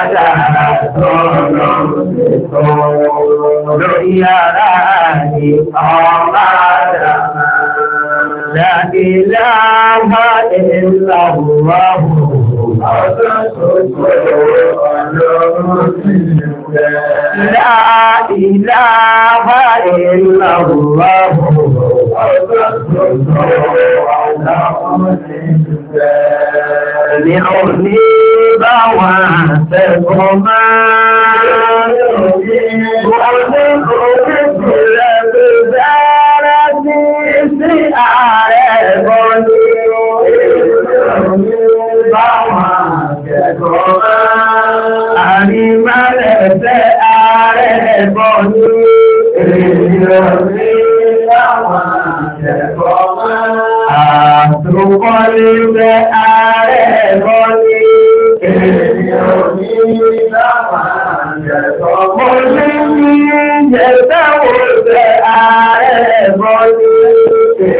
Adára tọ́lọ̀ lórí ara ni ọmọ àdàmà láti láàmà ìlà wọ́wọ́ ọ̀sán tó tọ́lọ̀ ọlọ́run sí ìrẹ́. Láà ìlà wọ́wọ́ Ní òní bá wà tẹ̀kọ́ máa wọ́n ní orí ìpìlẹ̀ tó dára sí sí ààrẹ ẹ̀kọ́ ní òní bá wà èèyàn ní láwọn Àtùkọ́lé bẹ ààrẹ ẹ̀kọ́ ní ènìyàn ní ìlànà ìjẹ̀tọ́. Mo ní ní ìjẹ̀tọ́ bẹ ààrẹ ẹ̀kọ́ ní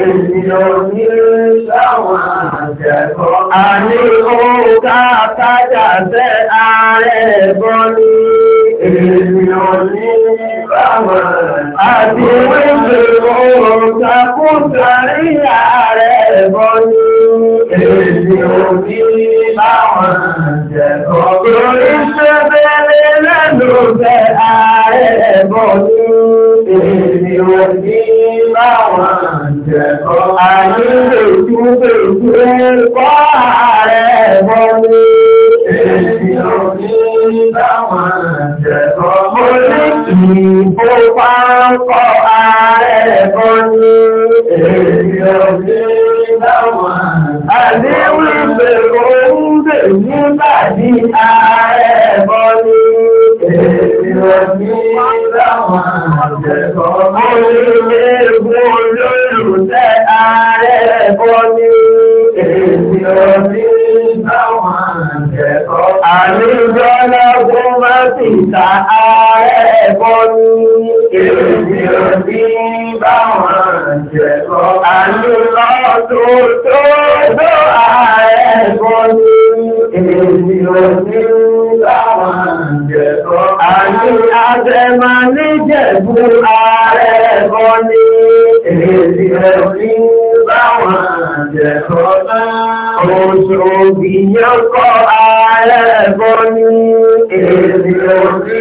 ènìyàn ní ìlànà ìjẹ̀tọ́. Àní òkà tájà bẹ ààrẹ ẹ̀kọ́ ní àti wíṣẹ̀ ohun takúta ní ààrẹ ẹ̀bọ́ ní èdè òní láwọn ìjẹ̀kọ́ lórí ṣẹ́bẹ̀rẹ̀ lẹ́lọ́fẹ́ ààrẹ ẹ̀bọ́ ní èdè òní láwọn ìjẹ̀kọ́ ààrẹ ẹ̀bọ́ ní èdè òní Ìbò páńkọ̀ ààrẹ kan ní èyí ọ̀gbẹ́ láwọn. Àdéhùn ìbèrò ń bè nígbà ní ààrẹ kan ní èyí ọ̀gbẹ́ láwọn. Àdéhùn ìbèrò olólùfẹ́ ààrẹ kan ní èyí ọ̀gbẹ́ Àníjọ́ lọ́gbọ́n máa ti ta ààrẹ ẹ̀kọ́ ní èdè òbí báwọn jẹ̀kọ́. Àníjọ́ tó tó tó ààrẹ ẹ̀kọ́ ní èdè òbí báwọn jẹ̀kọ́. Àní àtẹ̀mà ní jẹ̀bú ààrẹ ẹ̀kọ́ ní èdè òbí báwọn àjẹ̀kọ́ máa oṣù òbí yóò kọ́ ààrẹ bọ́ ní èdè òbí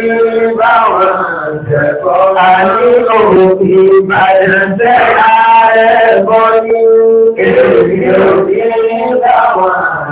báwọn àjẹ̀kọ́ àní òbí bàjẹ́ ààrẹ bọ́ ní èdè òbí báwọn àjẹ̀kọ́.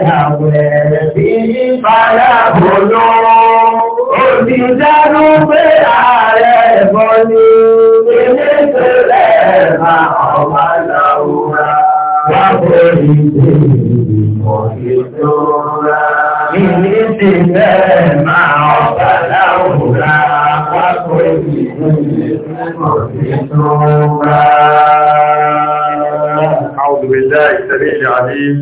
àwẹ̀ bí padà bòlò. Òbí dánú pé ààrẹ ẹ̀bọ ni ilé ìpínlẹ̀ ẹ̀ma ọ̀ma làwùrà. Wá pé ìdè ìmọ̀ ìdóra. Ìní ti bẹ́ẹ̀ máa ọ̀gá láwùrà. Wá pé ìdè ìmọ̀ ìdóra. أعوذ بالله السميع العليم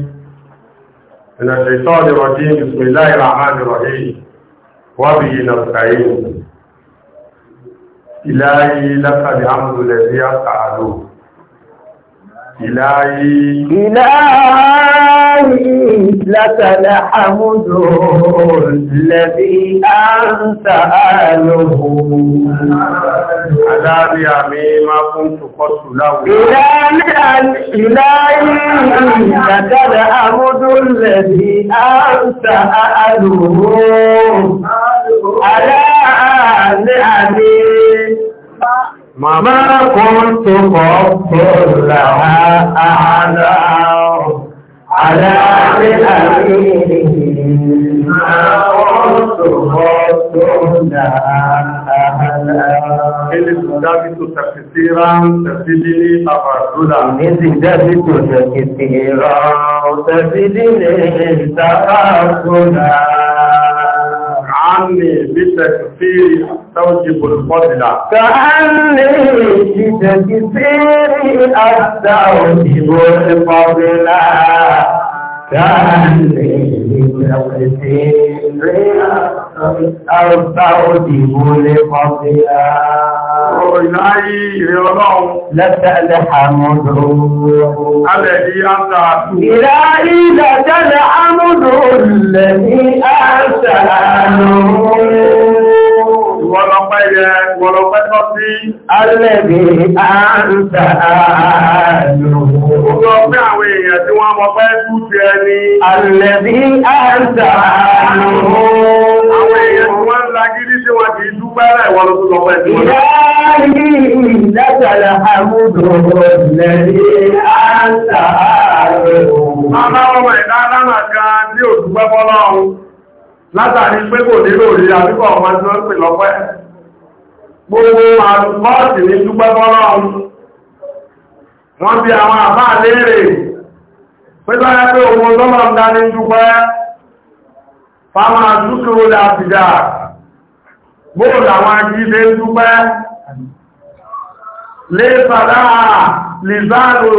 الشيطان الرجيم بسم الله الرحمن الرحيم وبه نستعين إلهي لك الحمد الذي أسعد إلهي إلهي قولي لك الحمد الذي أنت أهله عذابي عمي ما كنت قص له إلهي لك الحمد الذي أنت أهله على نعمي ما كنت قص لها أعلاه Àdáàbílà ní Ìdábítò tàkìtì rán tàbílì ní àbàdúlà. Ìdí ìdábítò tàkìtì rán tàbílì ní ìdábàdúlà. كأني بتكفيري أستوجب الفضل كأني بتكفيري أستوجب الفضل Ìlàrí ìdájọ́ àmúdò lè ní àṣà àrùn. Wọ́lọ́pẹ́ yẹ, wọ́lọ́pẹ́ tọ́ sí. Alẹ́bí àǹtà ààlò. Wọ́lọ́pẹ́ àwọn èèyàn tí wọ́n mọ̀ pẹ́ tú ti ẹni. Alẹ́bí àǹtà ààlò. Àwọn èèyàn tí wọ́n ń lagídí tí wọ́n kìí dúpẹ́rẹ̀ wọ́lọ́pẹ́ tí wọ́n. Ìyá látàrí pé kò nílò rí àbíkọ̀ ọmọ tí wọ́n pè lọ́pẹ́ gbogbo àlùkọ́ọ̀tì ní dúpẹ́ fọ́lọ́run wọ́n bí àwọn àbá léèrè pé lọ́yẹ́ pé ohun lọ́lọ́ ń dání dúpẹ́ fáwọn àdúkúrò láàbìdá bóòlù àwọn ajílé dúpẹ́ lè fàdá lìzánù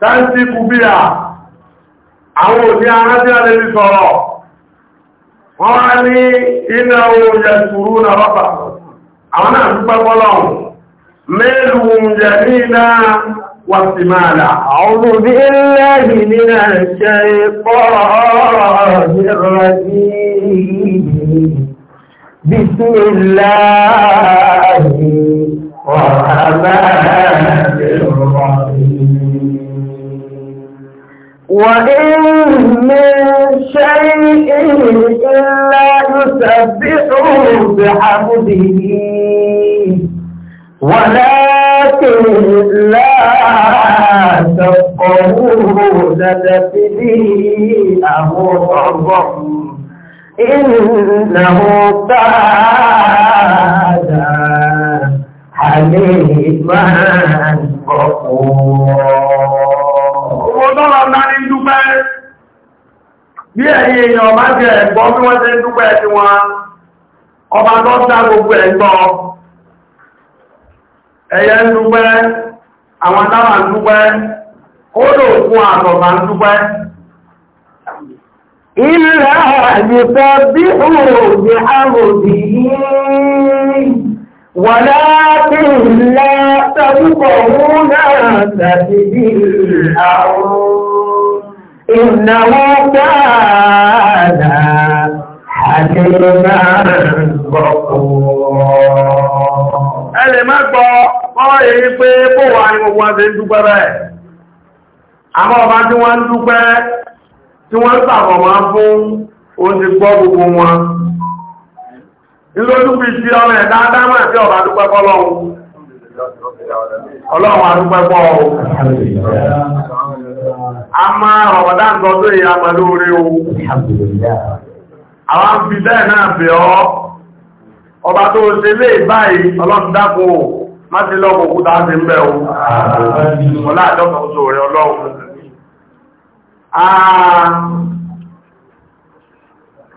táńtí kúbíà àwọn òní arábíà lè sọ̀rọ̀ wọ́n wá ní iná oúnjẹ tùrú na rọ́pà àwọn náà dúpẹ́ fọ́lọ́run mẹ́lùú oúnjẹ ní iná wàtìmáàlà àwọn obìnrin nínú ẹ̀ṣẹ́ pọ́ بسم وإن من شيء إلا يسبح بحمده ولكن لا تفقهون تسبيحه معظم إنه كان حليما غفورا tọ́lọ̀ ńlá ní dúpẹ́ bí ẹ̀yìn èèyàn bá jẹ ẹ̀gbọ́ bí wọ́n tẹ́ dúpẹ́ sí wọn ọba tó dá gbogbo ẹ̀gbọ́ ẹ̀yẹ ń dúpẹ́ àwọn dáwà ń dúpẹ́ ó lò fún àtọ̀bà ń dúpẹ́ ilẹ̀ ولكن لا تذكرون سبيل الأرض إنه كان حكيما غفورا ẹlẹ̀ má gbọ́ ọ̀rọ̀ èyí pé bó wà ní gbogbo ọdún dúpẹ́ rẹ̀ àmọ́ ọba tí wọ́n ń dúpẹ́ tí wọ́n ń sàkọ̀mọ́ fún oúnjẹ gbọ́ gbogbo wọn ìlójúbi ti ọmọ ẹ̀dá dámà tí ọba dúpẹ́ fọ́lọ́run ọlọ́run àdúpẹ́ fọ́ o a máa ọ̀dá ń tọ́jú ìyá pẹ̀lú orí o àwọn fi bẹ́ẹ̀ náà bẹ̀ ọ́ ọba tó ṣe lé báyìí ọlọ́run dákun o má ti lọ́pọ̀ òkúta ti ń bẹ̀ o ọlá àjọ́kọ̀ọ́sọ̀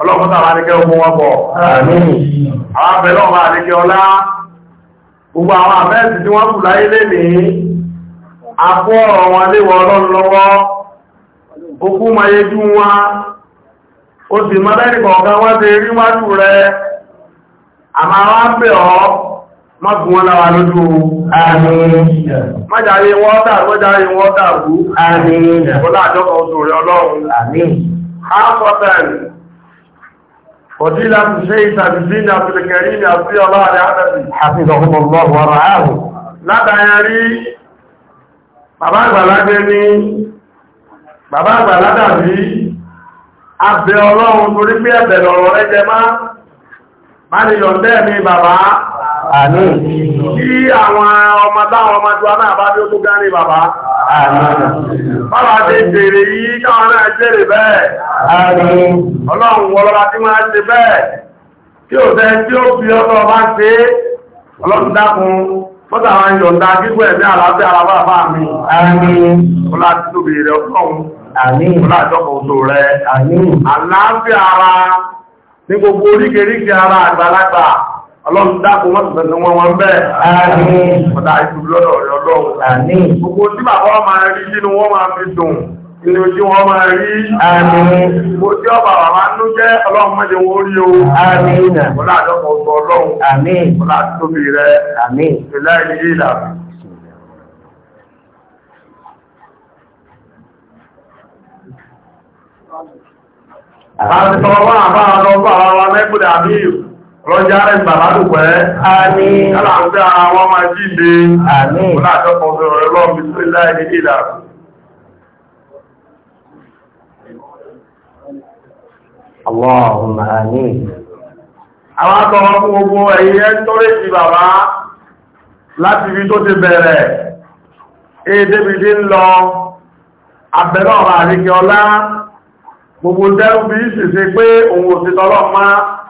ọlọ́run tàbí àríkẹ́ ogun wọn bọ̀. àwọn abẹ̀lọ́ wọn àríkẹ́ ọlá gbogbo àwọn àmẹ́sì tí wọ́n kù láyé lè ní àpò ọ̀rọ̀ wọn léwọ ọlọ́run lọ́wọ́ okú mayejú wọn ó sì mọ́ lẹ́nì kọ̀ọ̀kan wọ́n ti rí wájú rẹ àmà wá ń pè ọ́ mọ́gùn wọn láwa lójú mọ́járe wọ́n dàrú mọ́járe wọ́n dàrú àmì ìjẹ̀kọ́lá àjọ́kọ̀ọ́sùn rẹ ọlọ́run àmì فضيلة الشيخ عبد الدين عبد الكريم عبد الله العبدي حفظهم الله ورعاه látàyàrí bàbá àgbàlagbé ní bàbá àgbàládàbí abẹ́ ọlọ́run torí pé ẹ̀bẹ̀ lọ̀rọ̀ rẹ̀ jẹ máa má ní yọ̀ndẹ́ mi bàbá àní kí àwọn ọmọdá ọmọdúwà náà bá bí ó tó gárí bàbá Bọ́lá ti bèèrè yìí káwọn náà jèrè bẹ́ẹ̀. Ọlọ́run wọlọ́lá tí máa ṣe bẹ́ẹ̀. kí ò fẹ́ tí ó fi ọlọ́ bá ṣe ọlọ́run dákun mọ́ta àwọn ìyọ̀nda gígbó ẹ̀mí àlàáfẹ́ mi. Ọlọ́run Ilé ojú wọn máa rí. Àmín. Gbogbo tí ọba bàbá ń jẹ́ ọlọ́run mọ́jẹ wọn rí o. Àmín. Bọ́lá àdọ́kọ̀ ọ̀tọ̀ ọlọ́run. Àmín. Bọ́lá tóbi rẹ̀. Àmín. Ìlà ìlú ìlà. àwọn ọmọ ẹgbẹ̀rẹ̀ àmì lọ́jà rẹ̀ dùpẹ́. Àmín. Yálà ń dá àwọn máa jíde. Àmín. Mo láàjọ kan sọ̀rọ̀ rẹ̀ lọ́wọ́ mi sí láì ní ìlà. Allahumma àmín. Àwọn akọ̀wọ́ fún gbogbo ẹ̀yẹ tọ́rẹ̀ sí bàbá láti ibi tó ti bẹ̀rẹ̀. Èdè mi ti ń lọ abẹ́rẹ́ ọ̀rọ̀ àríkẹ́ ọlá. Gbogbo dẹ́rù bí ṣèṣe pé òun òṣìṣẹ́ ọlọ́pàá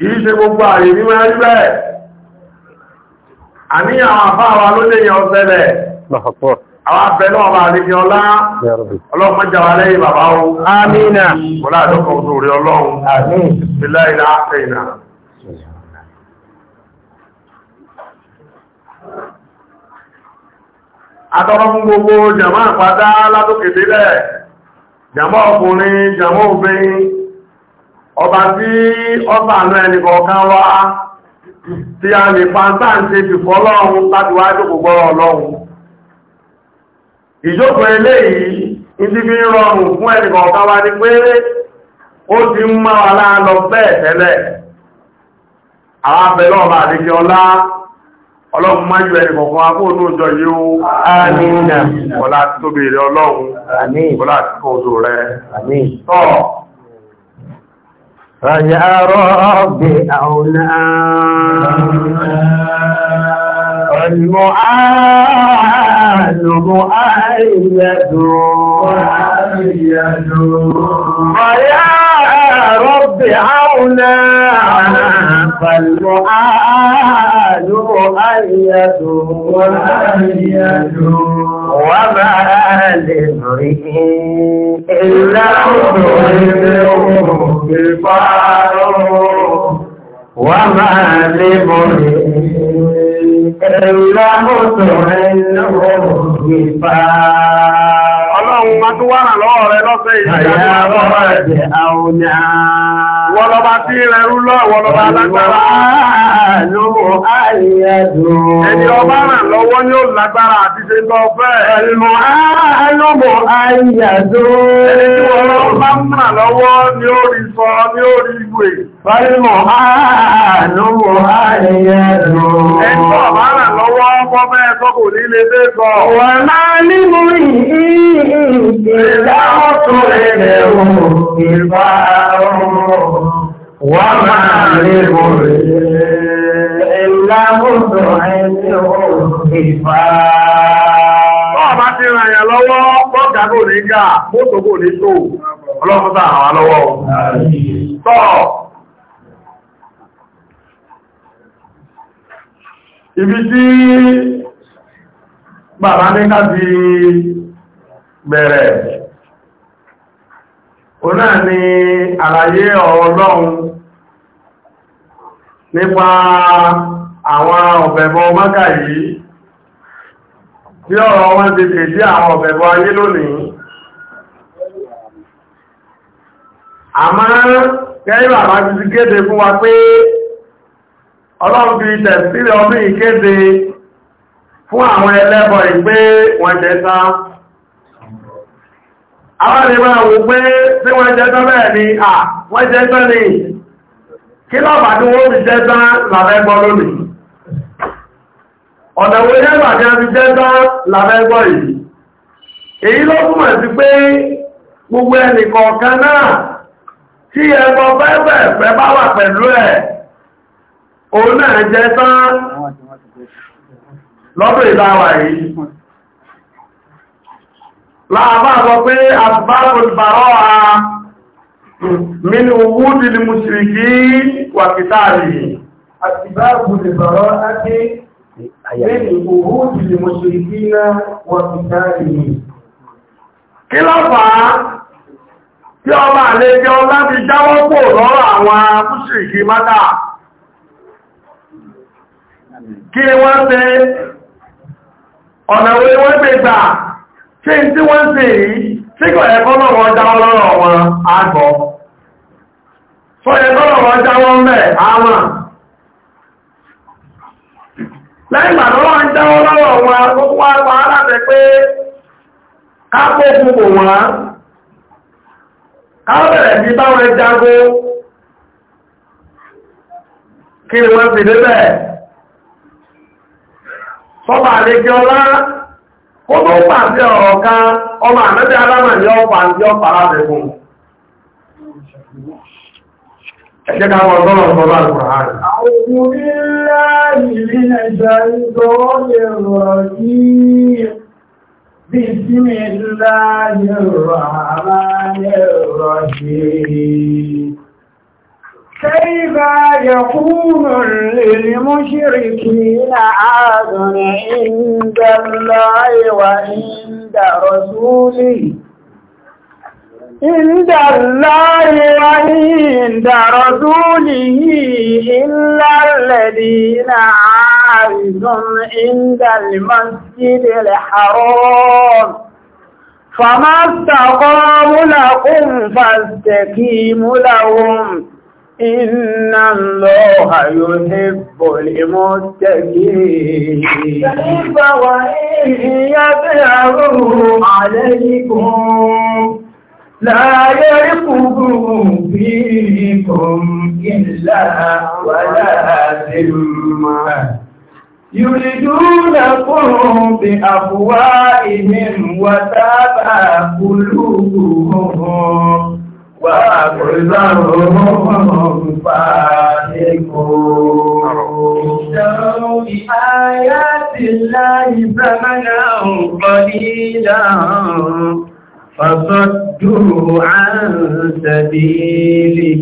kìí ṣe gbogbo ààrẹ ní máa rí bẹ́ẹ̀ àníyàn àbá wa ló lè yan ọ̀sẹ̀lẹ̀ àwọn abẹ náà bá rí ní ọlá ọlọ́pàá jàwà lẹ́yìn bàbá o amínà wọlá àdọ́kọ̀ òṣòrí ọlọ́run ìpínlẹ̀ ìlà àfẹ́ìnà àtọ́rọ fún gbogbo jàmá àpàdá látòkèdélẹ̀ jàmá ọkùnrin jàmá obìnrin ọba tí ọba àánú ẹnìkan kan wá tí a lè fàntà ń ṣe fìfọ́ lọ́run láti wá gbọ́rọ̀ ọlọ́run ìjókòó eléyìí ìdí fi rọrùn fún ẹnìkan kan wá ní pé ó ti ń máa wà láà lọ bẹ́ẹ̀ tẹ́lẹ̀ ọlọ́run máa ẹni kọ̀ọ̀kan ìjọ yìí ó ọlá tóbi ọlọ́run ọlá kọ́ oṣù rẹ tọ́ فيا رب أولى المعاد القرآن ويا رب عونا فالمؤال مؤيد وما لامرئ إلا ظلمه وما لامرئ Ọlọ́run máa tó wárà lọ́wọ́ rẹ lọ́fẹ́ ìrìnàjò. Wọ́lọ́ba tí rẹrú lọ́wọ́ lọ́ba lágbára. Ẹni ọba ràn lọ́wọ́ ni ó lágbára àti ṣe lọ fẹ́. Ẹlùmọ̀ alọ́mọ̀ ayàdó. Ẹni tí wọ́n bá mú ràn lọ́wọ́ ni ó rí sọ, ni ó rí ìwé. Fọ́lùmọ̀ àánú mọ̀ ààyẹ ẹ̀rọ. Ẹ̀kọ́ máa lọ́wọ́ ọkọ̀ bẹ́ẹ̀ tọ́kù nílé bẹ́ẹ̀kọ́. Wọ́n máa ní mú ìgbìyànjẹ́ ọ̀tọ́ ẹ̀rẹ̀ ohun ìgbà ọ̀rọ̀. Wọ́n máa ní mú ìlàmùsọ̀ ẹ̀rẹ̀ ohun ìgbà ọ̀rọ̀. Tọ́ ibi tí bàbá ní káti bẹ̀rẹ̀ o náà ni àlàyé ọlọ́run nípa àwọn ọ̀bẹ̀bọ̀ mọ́kà yìí tí ọ̀rọ̀ wọn ti kè sí àwọn ọ̀bẹ̀bọ̀ ayé lónìí àmọ́ kẹ́yìn bàbá ti kéde fún wa pé ọlọ́run fi tẹ̀sílẹ̀ ọdún ìkéde fún àwọn ẹlẹ́bọ ìgbé wọn jẹta àwọn ìwọ̀n wò pé tí wọ́n jẹta bẹ́ẹ̀ ni à wọ́n jẹta ni kí lọ́pàá tí wọ́n fi jẹta làbẹ́gbọ́ lónìí ọ̀dọ̀wò yẹ́gbà ni a fi jẹta làbẹ́gbọ́ yìí èyí ló túnmọ̀ sí pé gbogbo ẹnìkọ̀ọ̀kan náà tí ẹgbọ́ fẹ́fẹ́ fẹ́ bá wà pẹ̀lú ẹ̀ òun náà jẹ́ tán lọ́dọ̀ ìdáwà yìí láàbá sọ pé asbábùlbàrọ́ a mínú wúdí ni mùsùlùmí wà kìtàrí asbábùlbàrọ́ a pé kí lọ́pàá tí ọba àlejò láti jáwọ́ pò lọ́rọ̀ àwọn mùsùlùmí kí ni wọ́n ṣe ọ̀nà orí wọ́n gbà tí wọ́n ṣe yìí tí kò ẹ̀kọ́ ọlọ́rọ̀ wọn àgbọ̀ fọ́ ẹ̀kọ́ náà wọ́n mẹ́ àmà lẹ́yìn ìgbà ọlọ́rọ̀ wọn kí bọ́bà àlejò ọlá kó tó pàṣẹ ọ̀rọ̀ kan ọmọ àmẹ́bí alámà ní ọ̀pọ̀ àti ọ̀pọ̀ alábẹ̀kùn ẹ̀ṣẹ́ káwọn ọ̀rọ̀ ọ̀rọ̀ àrùn àwọn كيف يكون للمشركين عاد عند الله وعند رسوله عند الله وعند رسوله إلا الذين عارض عند المسجد الحرام فما استقاموا لكم فاستقيموا لهم Inna Allaha yuhibbul muttaqin. Ṣẹ̀lẹ́fà wà ní ìyàbẹ̀ àrùn àlẹ́yìnkùn. لا يرقبوا فيكم إلا ولا ذمة يريدونكم بأفواههم وتابع قلوبهم وأقلهم فاسقون اشتروا بآيات الله ثمنا قليلا فصدوا عن سبيله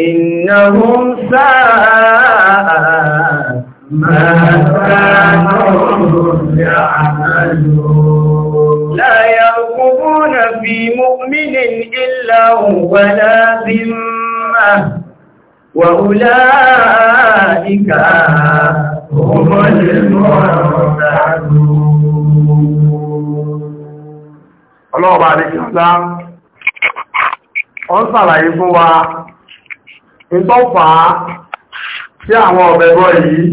إنهم ساء ما كانوا يعملون لا يرقبون في مؤمن إلا ولا ذمة وأولئك هم المعتدون الله بارك الله wọ́n sàlàyé fún wa ìtọ́fà tí àwọn ọ̀bẹ̀bọ̀ yìí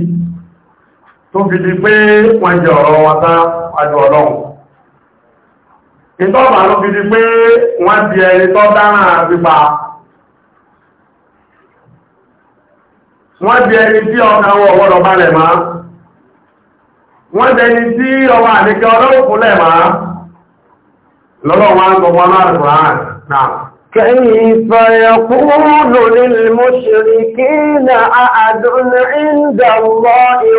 tó fi di pé wọ́n jẹ ọ̀rọ̀ wọn tá àjọ ọlọ́run ìtọ́bà ló fi di pé wọ́n ti ẹni tọ́ dáná pípa wọ́n ti ẹni tí ọkà wọ ọwọ́dọ̀ balẹ̀ máa wọ́n ti ẹni tí ọwọ́ àdíkẹ́ fúnlẹ̀ máa lọ́lọ́ wọn gbogbo aláàrùn náà كيف يقول للمشركين عند الله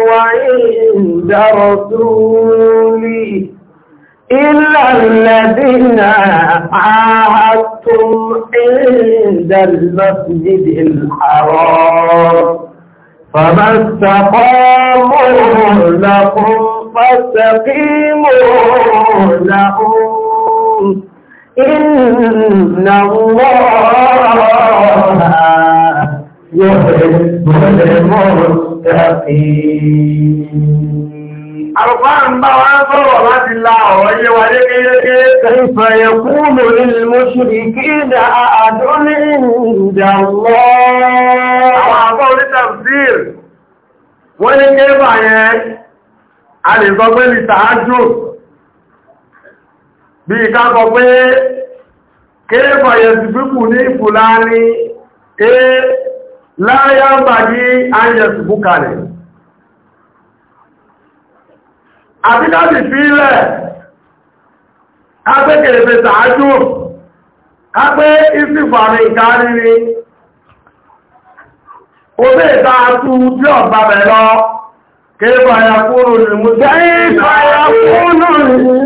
وعند رسوله إلا الذين عاهدتم عند المسجد الحرام فما استقاموا لكم فاستقيموا لهم إن الله يحب المستقيم القرآن بواسر ومد الله كيف يقول للمشركين أعد عند الله أعطوا لتفسير وإن كيف عيان على ضبط التعجب bí ká sọ pé kéèfà yẹ̀sùbùkù ní fùlání é láyá bàjí á yẹ̀sùbùkà rẹ̀ àbíkáàdì fílẹ̀ agbẹ́kẹ̀lẹ̀fẹ́ sàájú agbẹ́ ìsìfàrí ìkárírí obé ìta tú tí ọ̀gbà bẹ̀lọ kéèbà yàkúrò ní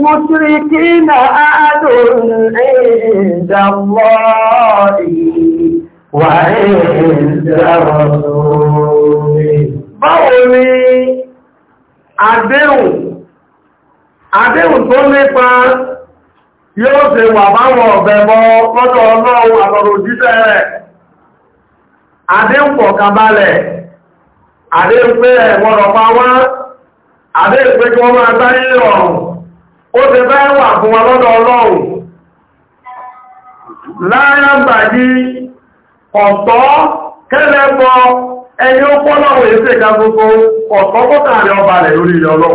mùsùlùmí kí na àádùn ìdàmọ́ wà ìdàmọ́ Báwo ni àdéhùn àdéhùn tó nípa yóò se wà báwọn ọ̀bẹ̀bọ lọ́dọ̀ ọlọ́run àtọ̀rọ̀ òjíṣẹ́ rẹ̀ àdéhùn k'abalẹ̀ àdéhùn pé ẹ̀wọ̀rọ̀ wá àdéhùn pé kí wọ́n máa sáyé ọ̀rùn ó ti bá wà fún wa lọ́dọ̀ ọlọ́run ọ̀tọ́ ẹni ó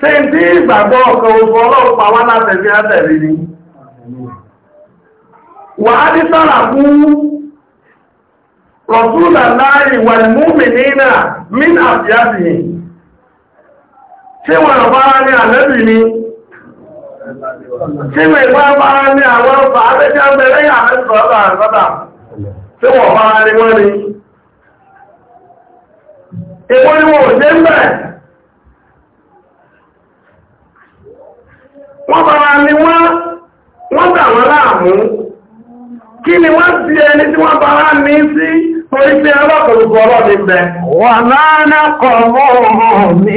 ṣe ń bí ìgbàgbọ́ ọkọ̀ ogun ọlọ́pàá wá látẹ̀bí àtẹ̀rí ni wà á ní sára fún rọ̀túnà láàrin wà ní múmi nínà mín àfíàfì ṣe wọ́n bára ní àlẹ́bì ni ṣe wọ́n bá bára ní àwọn ọ̀pàá abẹ́jẹ́ abẹ́rẹ́ ìyàmẹ́sọ̀ọ́lá wọ́n bára ni wọ́n dà wọ́n láàmú kí ni wọ́n ti ẹni tí wọ́n bára ní sí orí pé ọlọ́pọ̀lọpọ̀ ọlọ́ ní bẹ wà máa ná kọ̀ọ̀mọ́ mi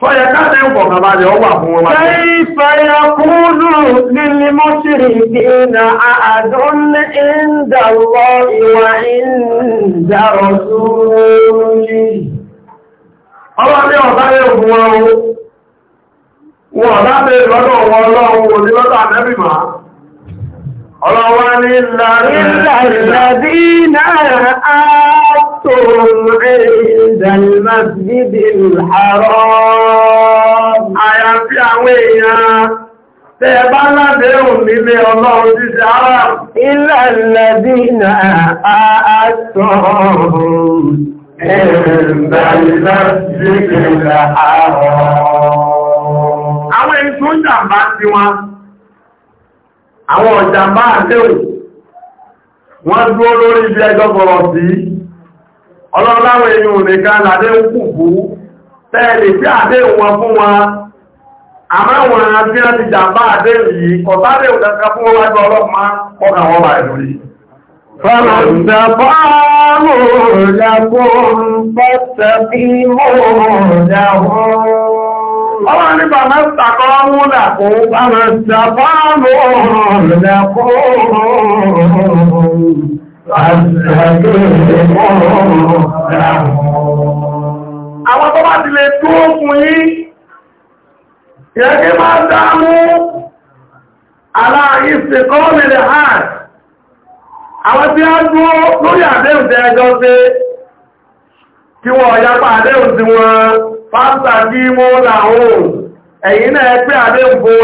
Fọ́yẹ káàdẹ̀ ń bọ̀ bàbá rẹ̀ fún wọn. Kẹ́ìfẹ́ yọkúrú lílí wọn o, wọ́n lábẹ́ lọ́dọ̀ wọn lọ́dọ̀ Ọlọ́wọ́ ní ìlàrí ìlàrí وقفتهم عند المسجد الحرام àyàfí àwọn èèyàn tẹ́ bá ládéhùn nílé ọlọ́run títí الذين آتهم عند المسجد الحرام àwọn èso ń sí wọn àwọn ọ̀jàmbá àdéhùn wọ́n dúró lórí ibi ẹjọ́ bọ̀rọ̀ sí ọlọ́láwọ̀ èyàn nìkan làdé ń kù bú tẹ́ẹ̀lì tí àdé wọn fún wọn àmáwọn tí wọ́n jàmbá àdé yìí kọ̀tàdé òkàkà fún wájú ọlọ́pàá kọ́kà wọn wà Àwọn tó bá ti lè tó fún yí, yẹ́gẹ́ máa dámú aláàrí ṣe kọ́ lèrè hàn. Àwọn tí a dúró lórí àdéhùn tẹ́ ẹjọ́ ṣe, kí wọ́n yapa àdéhùn sí wọn, fásità kí mọ́ làwọn, ẹ̀yìn náà ẹgbẹ́ àdéhùn fún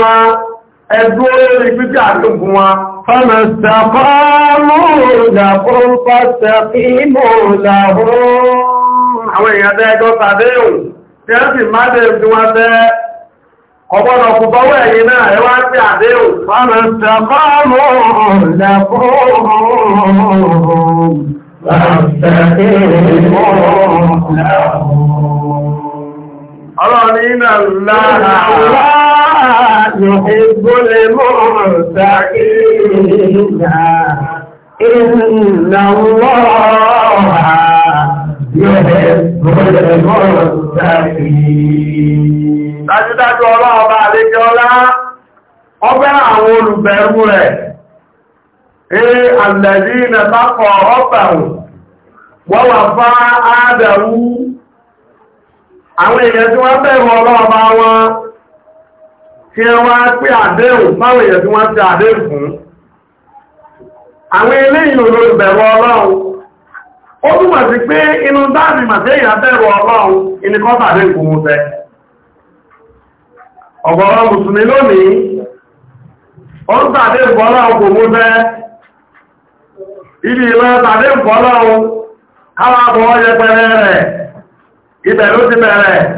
wa, فما استقاموا لكم فاستقيموا لهم àwọn èèyàn bẹ́ ẹjọ́ tàbíhùn tí ó sì má bẹ̀rẹ̀ tí wọ́n bẹ́ ọgbọ́nà kù bọ́wọ́ ẹ̀yìn náà ẹ wá sí àdéhùn fọ́nà ṣàkọ́ọ̀mù lẹ́kọ́ọ̀mù Ọlọ́run iná lára ìgbólẹ̀ mọ́ ṣàkí ìlà ìlà wọ́ọ̀há ìgbólẹ̀ mọ́ ṣàkí. Dájúdájú ọlọ́run bá àlejò ọlá, ọgbẹ́ àwọn olùbẹ̀rù rẹ̀, ee àlẹ̀dí ìnà bá kọ̀ ọ́pàá wọ́wà fá ádàrú àwọn èèyàn tí wọ́n bẹ̀rù ọlọ́ọ̀bá wọn tí wọ́n á pé àdéhùn fáwọn èèyàn tí wọ́n ti àdéhùn fún àwọn eléyìn olóòbẹ̀rù ọlọ́run ó túnmọ̀ sí pé inú dáàbì màtẹ́yìn bẹ̀rù ọlọ́run ibẹ̀ ló ti bẹ̀rẹ̀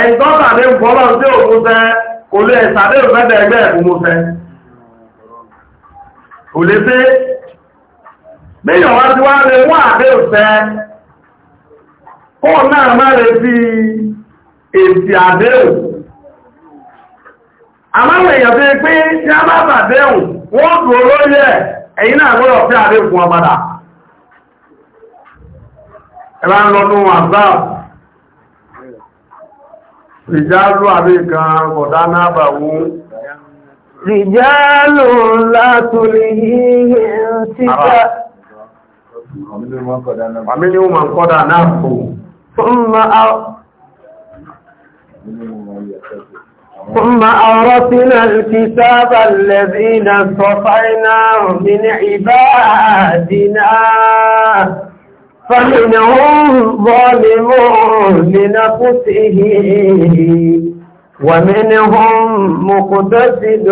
ẹ̀yìn tó tàbí gbọ́lọ̀ tí ò múṣẹ́ kò lè sàdé ìfẹ́dẹ̀ ẹgbẹ́ ẹ̀kú múṣẹ́ kò lè sí wá tí wá lè àdé ìfẹ́ kó náà má lè fi èsì èèyàn fi pín tí a bá wọ́n dùn ẹ̀yìn náà gbọ́dọ̀ fi ẹ̀bá ń lọ́nú àbáà ìjálù àbí kan kọ̀dá náà bà wú ìjálù látòlè yìí títà àmì ni ó ma ń kọ́dá náà fò ثم أورثنا الكتاب الذين اصطفينا من عبادنا فمنهم ظالم لنفسه ومنهم مقتصد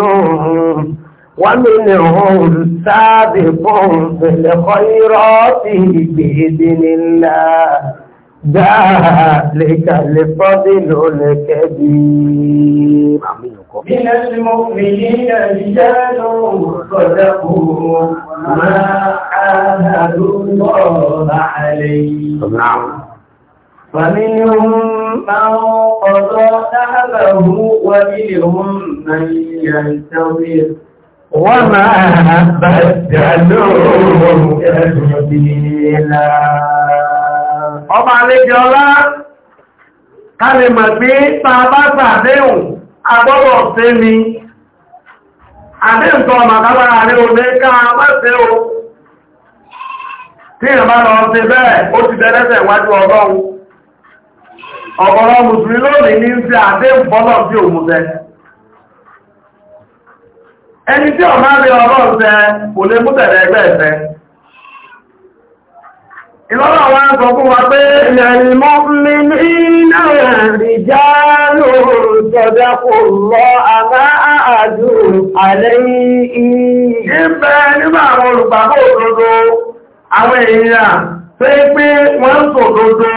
ومنهم سابق بالخيرات بإذن الله ذلك الفضل الكبير من المؤمنين رجال صدقوا ما عاهدوا الله عليه فمنهم من قضى نهبه ومنهم من ينتظر وما بدلوا تبديلا ọba àlejò ọlá kálẹ̀ mọ̀ pé tàbátà déhùn agbọ́dọ̀ sí ni àdíǹtọ́ màkàlára ní oníká mẹ́sẹ̀ o tí ìrìnbá lọ sí bẹ́ẹ̀ ó ti wájú mùsùlùmí lónìí ní ti àdíǹbọ́lọ̀ sí òmùsẹ̀ ẹni tí kò lè mú ẹgbẹ́ ẹ̀fẹ́ Ìlọ́rọ̀ àwọn àgbọ̀ fún wa pé ìrìnmọ́ mi ní iná ìrìjá ló àmá àjò àlẹ́ yìí. Ìbẹ̀ nígbà àwọn olùgbàgbọ́ òdodo, àwọn èèyàn tó ń pé wọ́n ń sòdodo,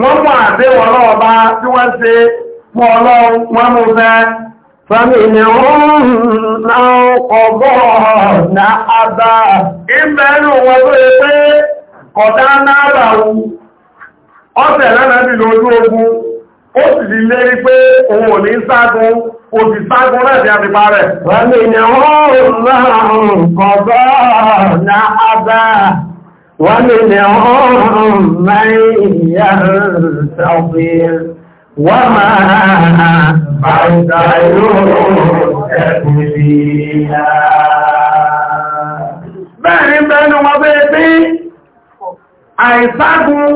wọ́n mọ̀ àdéwọ̀ náà tí wọ́n ṣe mọ́ ọlọ́run wọ́n mú fẹ́. kọ̀dá náàrà ohun ọ́sẹ̀ lánàbì lójú ogun ó sì lè lérí e pé òun ò ní ságun òsì ságun rẹ̀ bí a ti rẹ̀ wọ́n èèyàn ọ̀rùn kọ̀dá na bàtà wọ́n àìságun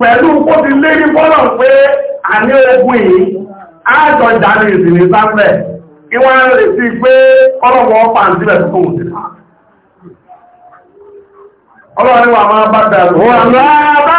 pẹ̀lú kó ti lé ní pé a ní ogun yìí ájọ ìdáni ìsìnì sáfẹ́ ìwọ̀n rẹ̀ sí pé ọlọ́wọ́ pàǹtílẹ̀ tó bá bá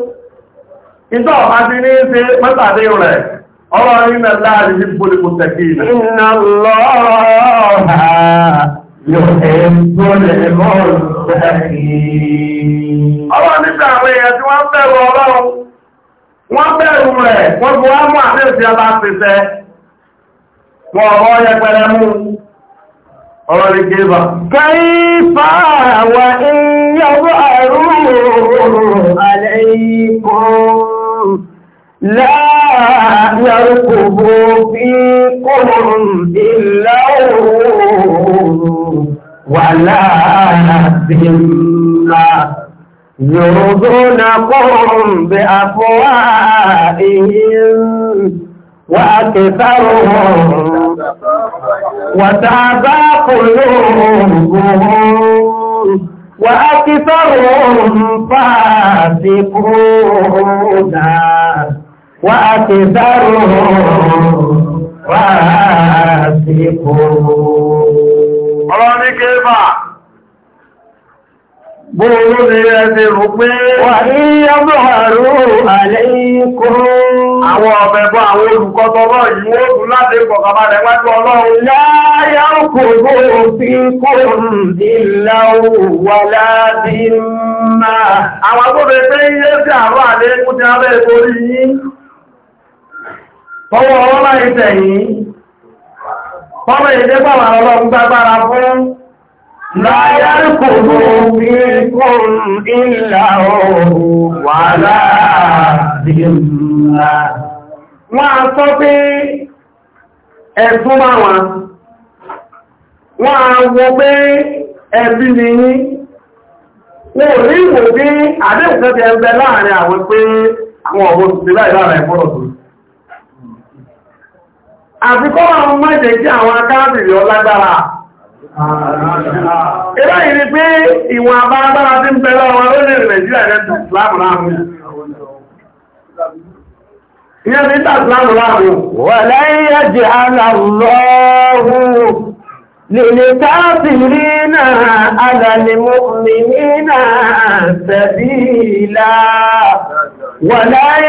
ìjọ ọ̀bá ti ní ṣe mẹ́tàdé rẹ̀ ọlọ́rin ilẹ̀ láàrin ní gbólipò tẹ̀kì ilẹ̀. iná lọ́ọ̀há yóò ẹ̀ gbólẹ̀ mọ́ọ̀lù tẹ̀kì. ọlọ́run nígbà àwọn èèyàn tí wọ́n لا يركب فيكم إلا ولا ذمة يرضونكم بأفواههم وأكثرهم وتابى قلوبهم وأكثرهم فاسقون wà á ti dárò wà á ti kò. Ọlọ́run ní kéfà. Bóòrú ni ẹ ti rò pé. Wà ní ọmọ àrùn àlẹ́ ikú. Àwọn ọ̀bẹ̀bọ̀ àwọn olùkọ́ tọrọ yìí ó tún láti pọ̀kàbalẹ̀ wájú ọlọ́run. Láyá kò bó òfin kò nílá wà láti máa. Àwọn agbóbe pé iye sí àrùn àlẹ́ ikú ti abẹ́ ìborí yìí. Tọwọ́ ọwọ́ láì tẹ̀yìn, tọ́lọ̀ èdè bàbà ọlọ́run gbágbára fún láyárí kò ló bí kò ìlà ọ̀rọ̀ wà láàrínlá. Wọ́n a sọ pé ẹ̀sùn bá wọ́n a wọ pé ẹbí ni yí, wọ́n bí ti ẹgbẹ́ láàrin àwọn pé àwọn ti láì àti kọ́ àwọn mọ́jẹ̀ kí àwọn akáàbìrì ọlágbára ẹ̀rọ ìrí pé ìwọ̀n àbárábára tí ń bẹ̀rẹ̀ ọmọ orílẹ̀ Nàìjíríà jẹ́ tàbí láàrín ìyẹn ní tàbí láàrín wà lẹ́yìn ẹjẹ́ aláwọ̀ للكافرين على المؤمنين سبيلا ولن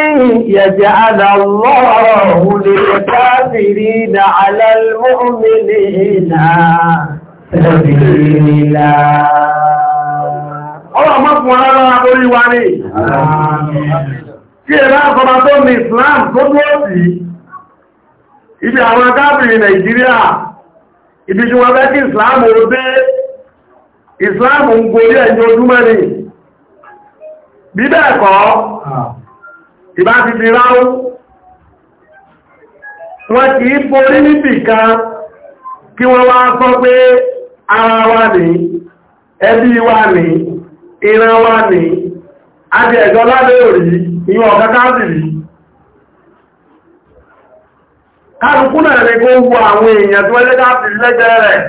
يجعل الله للكافرين على المؤمنين سبيلا Ọlọ́ mọ́kùn alára orí wa ní. Kí ẹ̀rá àfọ́bá tó ní Islam tó dúró sí, ibi àwọn akábìnrin Nàìjíríà, ibi kí Islam ó dé, Islam ń gorí ẹ̀yìn ojúmọ́ ni. tí bá ti di ráú wọ́n borí níbì kan kí wọ́n wá sọ pé ara wa ní ẹbí wa ní ìran wa ní adì ẹ̀gọ́ lábẹ́ òrí ìwọ̀n ọ̀kátàzì rí náà ní kó àwọn èèyàn tó ẹlẹ́gá ti lẹ́gbẹ̀ẹ́ rẹ̀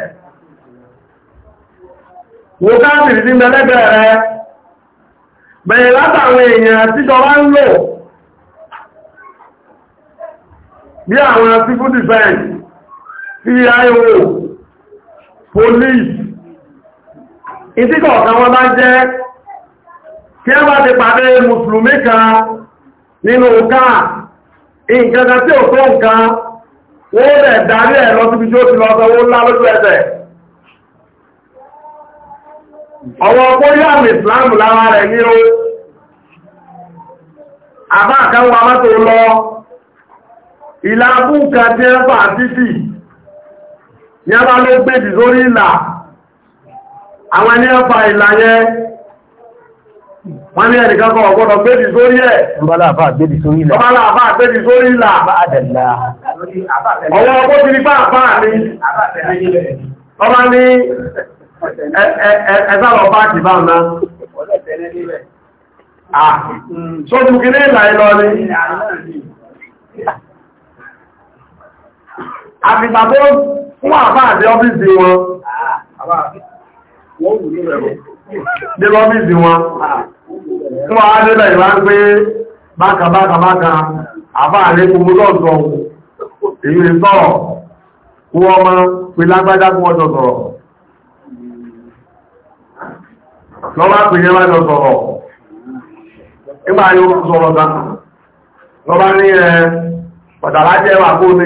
wo mẹ́lẹ́gbẹ̀ẹ́ rẹ̀ bẹ̀rẹ̀ látàwọn èèyàn bí àwọn civil defense CIO police isi ọ̀kan wọ́n bá jẹ́ kí ẹ bá ti pàdé mùsùlùmí kan nínú káà nǹkan tí tó nǹkan wọ́n rẹ̀ darí ẹ̀ lọ síbi tí ó ti lọ sọ wọ́n lálójú ìlàkún kan tí ẹ fà títì ní ọba ló gbèdì lórí ìlà àwọn ẹni ọfà ìlà yẹn wọ́n ní ẹnìkan kan ọ̀gbọ́dọ̀ gbèdì sórí ẹ̀ ọbálà àfà gbèdì sórí ìlà ọwọ́ ọgbọ́ ti ní pàápà ní ọba ní ẹ̀sàlọ̀ pàákì bá ọ̀nà sójú kí ní ìlà ìlọ ni àfìgbà tó fún àbá àti wọn nílò ọ́fíìsì wọn fún àwọn adébẹ̀ ìwá ń pé bákan bákan bákan àbá àlékún mú lọ́sọ̀ èyí ń kú ọmọ pé lágbájá kú ọjọ́ sọ̀rọ̀ lọ́wọ́ pè yẹ́ wájọ sọ̀rọ̀ nígbà yóò sọ̀rọ̀ dáa lọ́wọ́ ní ẹ pàtàlájẹ́ wà kó ní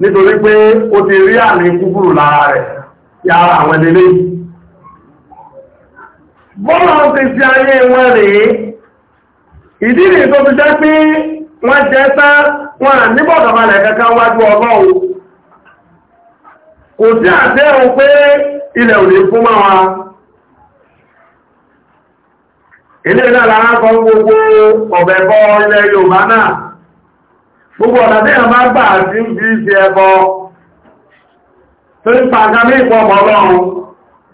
nítorí pé ó ti rí àmì kúkúrù lára rẹ̀ yára àwọn ẹlẹ́lẹ́ bọ́lá ń ti sí ayé wọn rèé ìdí rèé tó fi jẹ́ pé wọ́n jẹ́ tán wọ́n níbọ̀dọ̀balẹ̀ kankan wájú ọlọ́run kò sí àdéhùn pé ilẹ̀ ò lè fún máa wa ilé náà lára kan gbogbo ọ̀bẹ̀bọ̀ ilẹ̀ Yorùbá náà gbogbo ọ̀nà tí a máa gbà sí bí i ṣe ẹbọ tó ń pa ká ní ìpọ̀ ọmọ ọlọ́run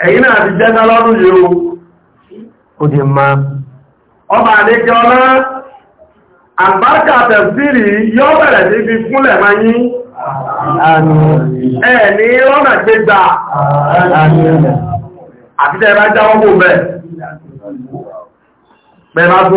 ẹ̀yìn náà ti jẹ́ lọ́dún yìí o ó di máa ọba àdékẹ́ ọlá àbárkà tẹ̀sírì yóò bẹ̀rẹ̀ sí fi fúnlẹ̀ máa yín ẹ̀ ní rọ́nà gbégbà àti tẹ́ bá jáwọ́ bò bẹ́ẹ̀ bẹ́ẹ̀ bá tó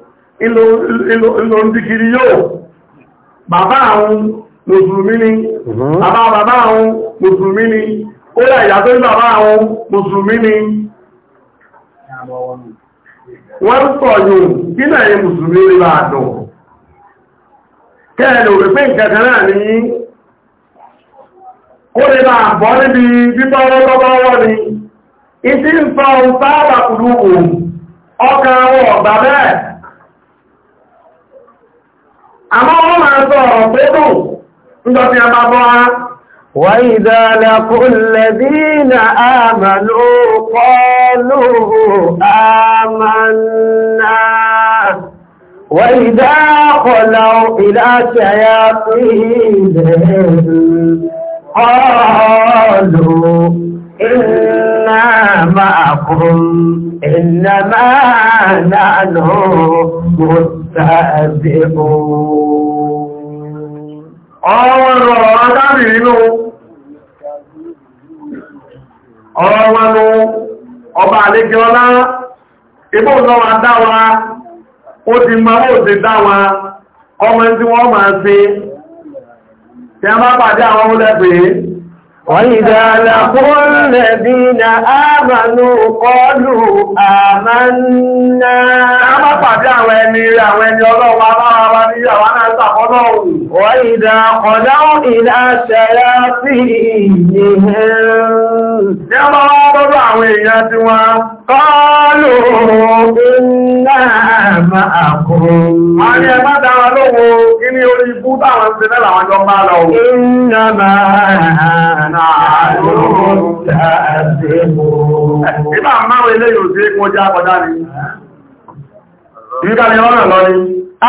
ìlò ìdíkiri yóò bàbá àwọn mùsùlùmí ni mhm. bàbá bàbá àwọn mùsùlùmí ni ó rẹ̀ ìyà bàbá àwọn mùsùlùmí ni wọ́n pọ̀ yóò kí náà yẹ mùsùlùmí rí bá dùn kẹ́ẹ̀lẹ̀ pé nǹkan ń fa وَإِذَا لَقُوا الَّذِينَ آمَنُوا قَالُوا آمَنَّا وَإِذَا خَلَوْا إِلَى شَيَاطِينِهِمْ قَالُوا إِنَّا مَعَكُمْ إِنَّمَا نَحْنُ مستهزئون ọ̀rọ̀ adábì inú ọ̀rọ̀ wọnú ọba àlejò ọlá ibò lọ́wà dáwà ó ti máa ó ti dáwà ọmọ tí wọ́n a وإذا لقوا الذين آمنوا قالوا آمنا Àmọ́ pàdé àwọn ẹni rẹ̀ àwọn èèyàn tí wọ́n قالوا إنا معكم. Wọ́n ní ẹgbẹ́ dára lówó kí ní orí ibú táwọn ti àlùmọ́ tààzẹ́mù. Ìbá máa wọlé yóò sí kó já kọjá ni. Ìbíkà ni ọ̀nà lọ ni.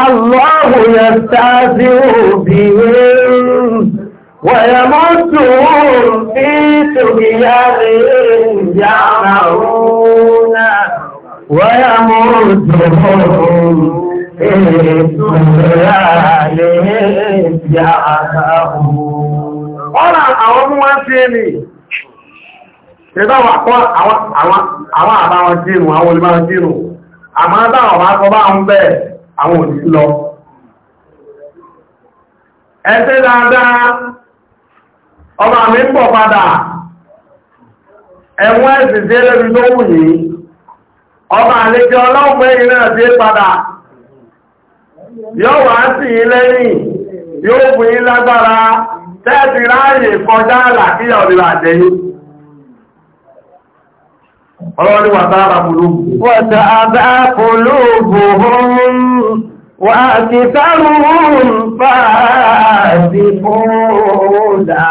Allahu yastazi'u bihim wa yamassuhum fi tughyanihim ya'mahuna wa ọ̀rà àwọn ọmọ wọn ẹni ìdáwà àwọn àbáwọn jírù àwọn olùbáwọn jírù àmọ́ dáwà bá kọ́ bá ń bẹ́ àwọn lọ dáadáa ọba mi ń bọ̀ padà ẹ̀wọ́n ẹ̀sìn sí tó wù ọba àlejò ọlọ́pẹ́ yóò fún lágbára tẹ́ẹ̀bì ráyè kọjá àlàkíyà òdìlà àjẹyí ọlọ́ni wàtàrà kùlùkù wàtàrà kùlùkù hún wà ti sáàrùn fàájì fúnlá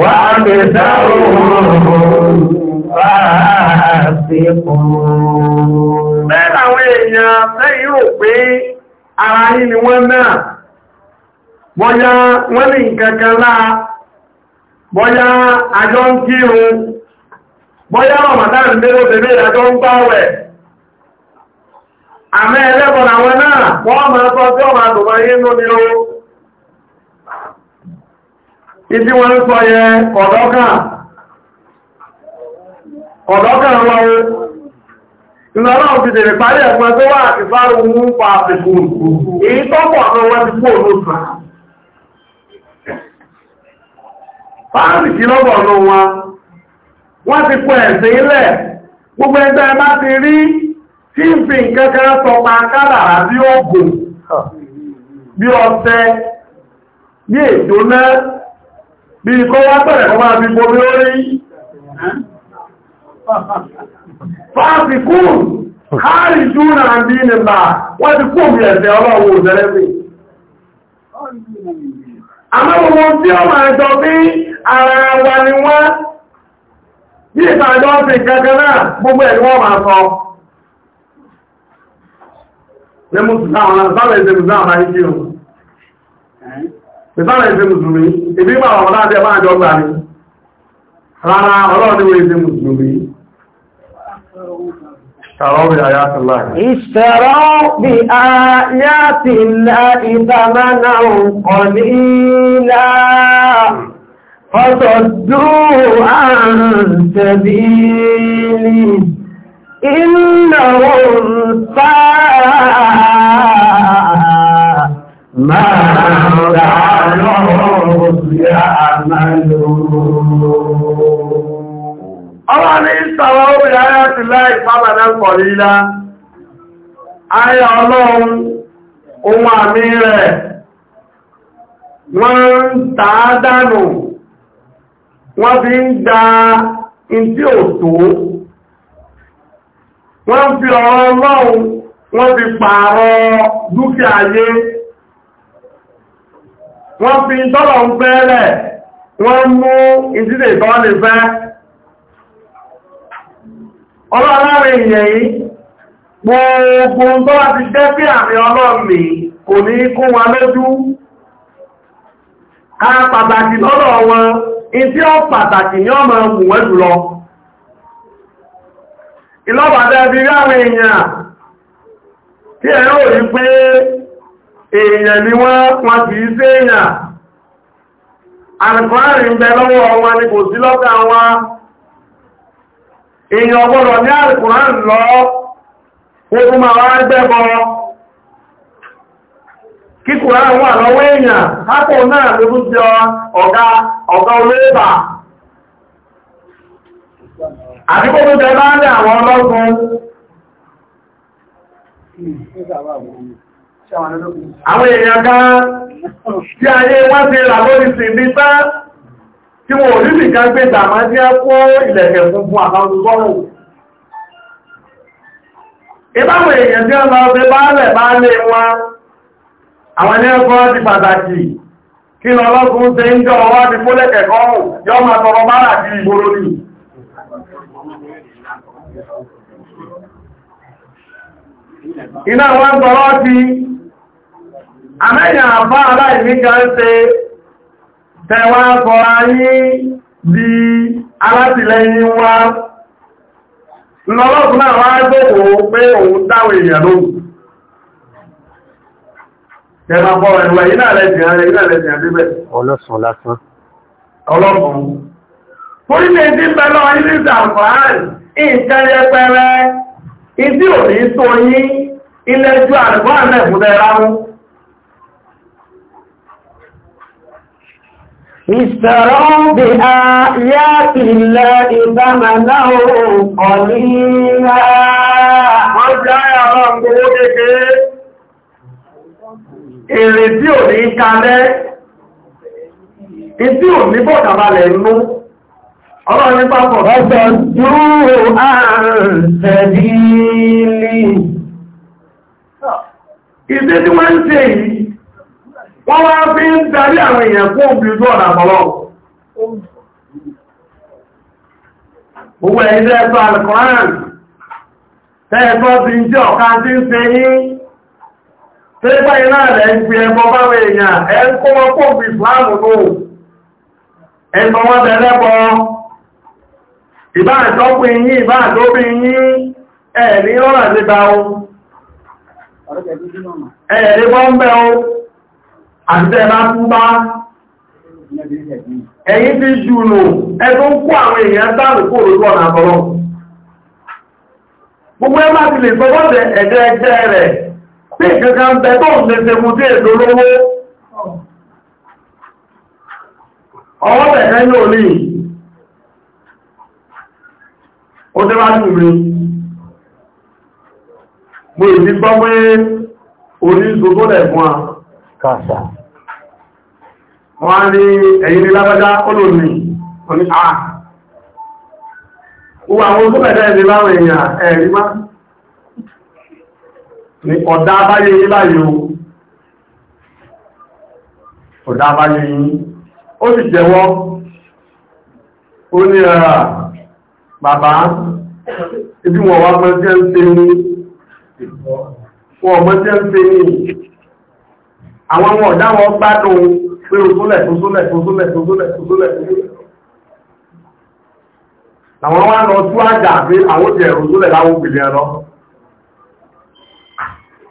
wà ti sáàrùn fàájì fúnlá mẹ́rin àwọn èèyàn mẹ́rin ò pé bọ́yá wọ́n ní nǹkankan láà bọ́yá àjọ ń kírun bọ́yá Ramadan lérò bèbè àjọ ń gbáwẹ̀ àmẹ́ ẹlẹ́bọ̀n àwọn náà wọ́n ma sọ tí ọmọ àtùmọ̀ inú ni ihe ìdí wọn ń sọ yẹ wọn ìlọ́lọ́ ti akwụkwọ fáàrì ló wọn wọ́n ti pọ̀ ẹ̀sẹ̀ ilẹ̀ gbogbo ẹgbẹ́ bá ti rí tí ń fi sọpa kádàrà bí ògùn bí ọ̀sẹ̀ bí èdóná bí wá pẹ̀rẹ̀ orí àmọ́ gbogbo tí ó máa jọ bí ara wa ni wọ́n bí ìpàdọ́ sí kankan náà gbogbo ẹ̀ wọ́n máa اشتروا بآيات الله بآيات الله ثمنا قليلا فصدوا عن سبيلي إنهم ساء ما كانوا يعملون ọwọ́ ní ìsàwọ́ obìnrin ayá ti láì pápàdá pọ̀ lílá ayá ọlọ́run ohun àmì rẹ̀ wọ́n ń tàá dánù wọ́n fi ń gba ìdí òtò wọ́n fi ọ̀rọ̀ ọlọ́run wọ́n fi pààrọ̀ dúkìá ayé wọ́n fi tọ́lọ̀ ń fẹ́ rẹ̀ wọ́n mú ìdílé ìtọ́lẹ̀ ọlọ́lárin ìyẹ̀ yìí gbogbo tó wá ti a wọn in tí ó pàtàkì ní ọmọ ìwọ̀n jùlọ ìlọ́bàdẹ́ bí ráwẹ̀ èèyàn tí ẹ̀rọ rí pé èèyàn ni wọ́n wọn kì í èèyàn àrẹ̀kọ́ àrẹ̀ bẹ lọ́wọ́ ni kò sí èèyàn ọgbọ́dọ̀ ní àrùkùnrán lọ ogun ma wá gbẹ́bọ kíkùnrán wà lọ́wọ́ èèyàn hápò náà lókún jẹ ọ̀gá ọ̀gá olóòbà àdíkò bá ń àwọn ọlọ́gun àwọn tí ayé ti rà lórí tí wọ́n ò nílì ká gbé dàmá tí a kó ilẹ̀kẹ̀ funfun àkàrùn sọ́rọ̀ ìbáwọn èèyàn tí ó bá fi bá lè wọn àwọn ilé ti pàtàkì kí lọ lọ́kùn tẹ ń jọ ti kó iná tọrọ ti àbá aláìníkà tẹwà fọ́ra yí bí alátìlẹ́yìn wá lọ́lọ́pù náà wá gbogbo pé òun dáwò èèyàn lóhùn tẹwà fọ́ra ìwà yìí náà lẹ́sìn ààrẹ yìí náà lẹ́sìn àdébẹ̀ ọlọ́sàn lásán ọlọ́sàn Orí lè dín bẹ́lọ ilé ìsàkùnrin, ìǹkan yẹpẹrẹ, ìdí òní tó yí, ilẹ̀ ju àrùbọ́ àmẹ́bùdẹ̀ ráhùn. اشتروا بآيات الله ثمنا قليلا ọjọ́ àwọn ọmọ kékeré èrè tí ò ní kalẹ́ ìdí ò ní bọ̀dàbalẹ̀ inú ọlọ́rin nípa pọ̀ ọjọ́ dúró àrẹ̀dìlì ìdí tí wọ́n wá fi ń darí àwọn èèyàn fún òbí ojú ọ̀nà àpọ̀lọ́ gbogbo ẹ̀yìn lẹ́ẹ̀tọ́ alìkọ̀ọ́rìn tẹ́ẹ̀tọ́ ti ń jẹ́ ọ̀ká tí ń ṣe yí tẹ́ẹ̀pá iná rẹ̀ ń fi ẹbọ báwọn èèyàn ẹ pọ̀ bí wọ́n tẹ́lẹ́bọ ìbáàtọ́pin yí ìbáàtọ́pin yí ẹ̀ẹ̀rí rọ́nà àtìtẹ́ bá kú bá ẹ̀yìn ti jùlọ ẹgbẹ́ kó àwọn èèyàn dáàrù kó lórí ọ̀nà àbọ̀rọ̀ gbogbo ẹ máa ti lè sọ bọ́ọ̀dẹ̀ ẹ̀jẹ̀ ẹgbẹ́ rẹ̀ tí ìkankan bẹ tó ń lè ṣekú tí èdò lówó ọwọ́ bẹ̀rẹ̀ yóò ní ó dẹ́wájú ìṣòkó lẹ̀ fún káàsà wọ́n rí ẹ̀yìn ní lábájá olóòrùn oní àà wọ́n àwọn olóbẹ̀rẹ̀ ni láwọn èèyàn ẹ̀rí ọ̀dá abáyé yí láyé o ọ̀dá abáyé ó sì jẹ́wọ́ ó ní ẹ̀rà bàbá ibi wọ̀n wá mọ́ àwọn ọmọ ọ̀dá wọn gbádùn pé o súnlẹ̀ tó súnlẹ̀ tó súnlẹ̀ tó súnlẹ̀ tó súnlẹ̀ tó súnlẹ̀ àwọn wá lọ tú àjà pé àwọn jẹ ẹ̀rù súnlẹ̀ láwọn òbìnrin ẹ̀rọ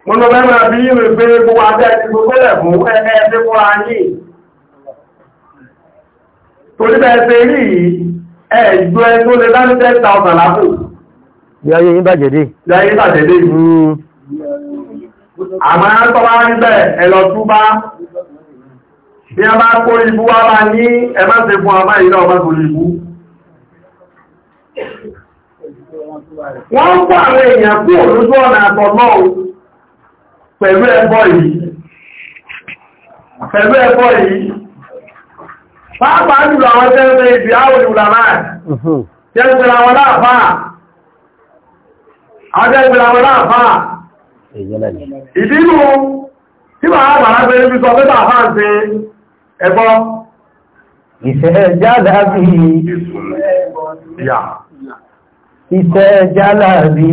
wọn lọ mẹ́rin bí yíò pé gbogbo abẹ́ ti tó tẹ́lẹ̀ fún ẹgbẹ́ ẹgbẹ́ fúnra yìí torí bẹ́ẹ̀ ṣe rí ẹ̀ẹ́gbẹ́ tó lè dá ní 10,000 lápò ìyá yìí bàjẹ́ dé àmọ́ tọ́bá níbẹ̀ ẹ̀lọ túbá bí a bá kó ibú wá bá ní ẹmọ́sẹ̀ fún ọmọ ìlú ọmọ tó lè bú wọ́n kó àwọn èèyàn kú olójú ọ̀nà àtọ̀lọ́ pẹ̀lú ẹbọ yìí pẹ̀lú ẹbọ yìí pàápàá jùlọ àwọn tẹ́lẹ̀ ìbí àwọn ìwùlànà tẹ́lẹ̀ àwọn láàfáà ìdínú tí bàá bàá gbé níbi sọ pẹ́ta àfáà ń ṣe ẹ̀bọ́ ìṣẹ́ jálá bí ìṣẹ́ jálá bí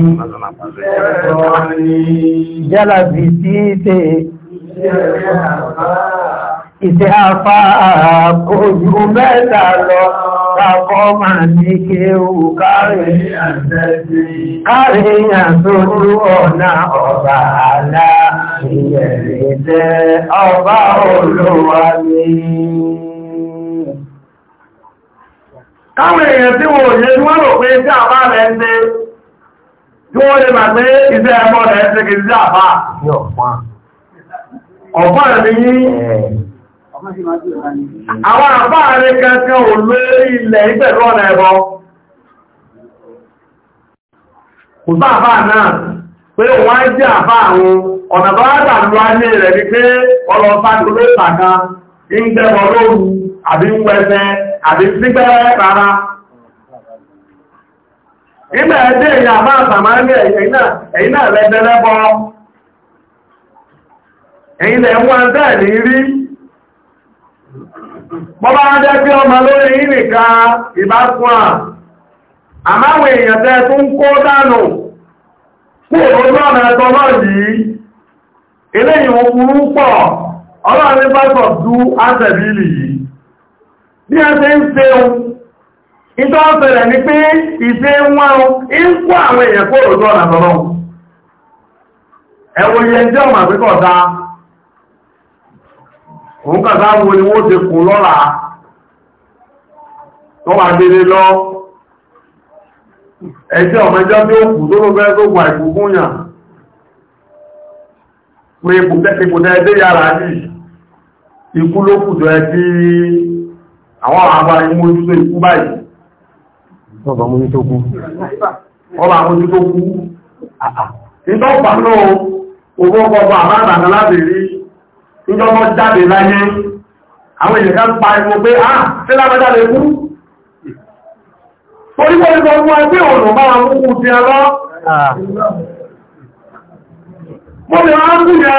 jálá bí ìṣẹ́ àfáà kò mẹ́ta lọ bá kọ́ máa ní kí ewu káàríyàn ọba àlá ìyẹ̀rẹ̀ jẹ́ ọba olówà ní. Káwọn èèyàn tí wọ́n yẹ ní wọ́n rò pé tí àbá rẹ̀ ń dé, tí wọ́n lè bà pé ẹmọ́ rẹ̀ ń Àwọn àbáàrẹ kankan ò lórí ilẹ̀ ìpẹ̀lú ọ̀nà ẹ̀bọ. Kò bá náà pé wọ́n á jẹ́ àbáà wọn, ọ̀nà bá dà lọ ayé rẹ̀ ní pé ọlọ́pá ló pàkà, ń gbẹ́mọ lóru, àbí ń àbí sígbẹ́ rárá. bọ́bá ń jẹ́ pé ọmọ lórí nìkan ìbákun à àmáwò èèyàn tẹ́ tó ń kó dànù kú òun náà mẹ́tọ́ náà yìí eléyìn wọn burú pọ̀ ọlọ́run ní àtẹ̀bílì yìí bí a ṣe ń ṣeun ìjọ ọ̀sẹ̀rẹ̀ ni pé ìṣe wọn ń àwọn èèyàn kó òun kàtà wo ni wọ́n ti kùn lọ́la tó wà délé lọ ẹ̀jẹ́ ọ̀mẹ́jọ́ tí ó kù tó ló fẹ́ tó wà ìgbùgbùn yàn pé ìpòtẹ́ ẹdé yàrá yìí ikú ló kùtọ̀ ẹ tí àwọn àbá imú ojúṣe ikú báyìí ọba mú ní tó kú ọba mú ní tó kú ìjọmọ́ jáde láyé àwọn ìyẹ̀ká ń pa ẹgbò pé ah tí lábẹ́dá lè kú torí pé ìgbọ́n mú ẹgbẹ́ ọ̀nà bá wọn kúkú ti ẹlọ́ mo lè wọ́n kú yẹ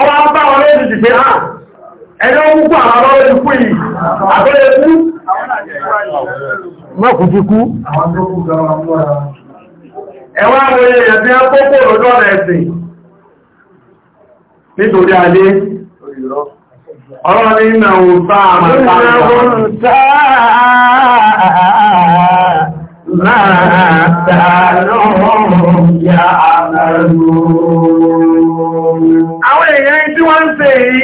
ọwọ́ bá wọn lè dìdì pé ah ẹni ó kúkú àwọn ọmọ lè kú yìí àbẹ́lẹ̀ kú mọ́kù ti kú ẹwà àwọn èèyàn tí wọ́n kókó lọ́jọ́ rẹ̀ sí nítorí ayé ọlọ́run nínú àwọn bá àmàtà àwọn èèyàn tí wọ́n ń ṣe èyí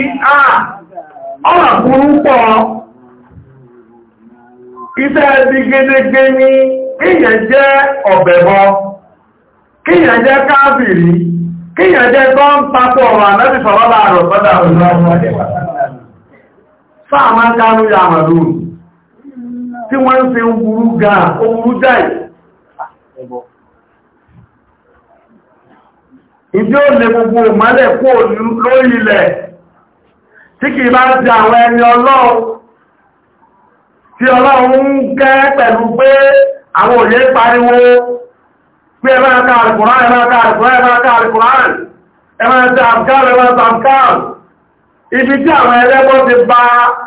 ọ̀rọ̀ púrúpọ̀ iṣẹ́ ti gẹ́gẹ́gẹ́ ní kíyàn jẹ́ ọ̀bẹ̀bọ kíyàn jẹ́ káàbìrí kíyàn jẹ́ tó ń tapọ̀ ọ̀rọ̀ fáàmà kánú ya àmàlú tí wọ́n ń fi burú ga oòrú jáì ìdí ò lè gbogbo ìmọ́lẹ̀ kó lórí ilẹ̀ tí kìí bá ti àwọn ẹni ọlọ́run tí ọlọ́run ń gẹ́ pẹ̀lú pé àwọn òye pariwo pé ẹ máa ka àrùkùnrán ẹ máa ka àrùkùnrán ẹ máa ka àrùkùnrán ẹ máa ta àbùkárù ẹ máa ta àbùkárù ibi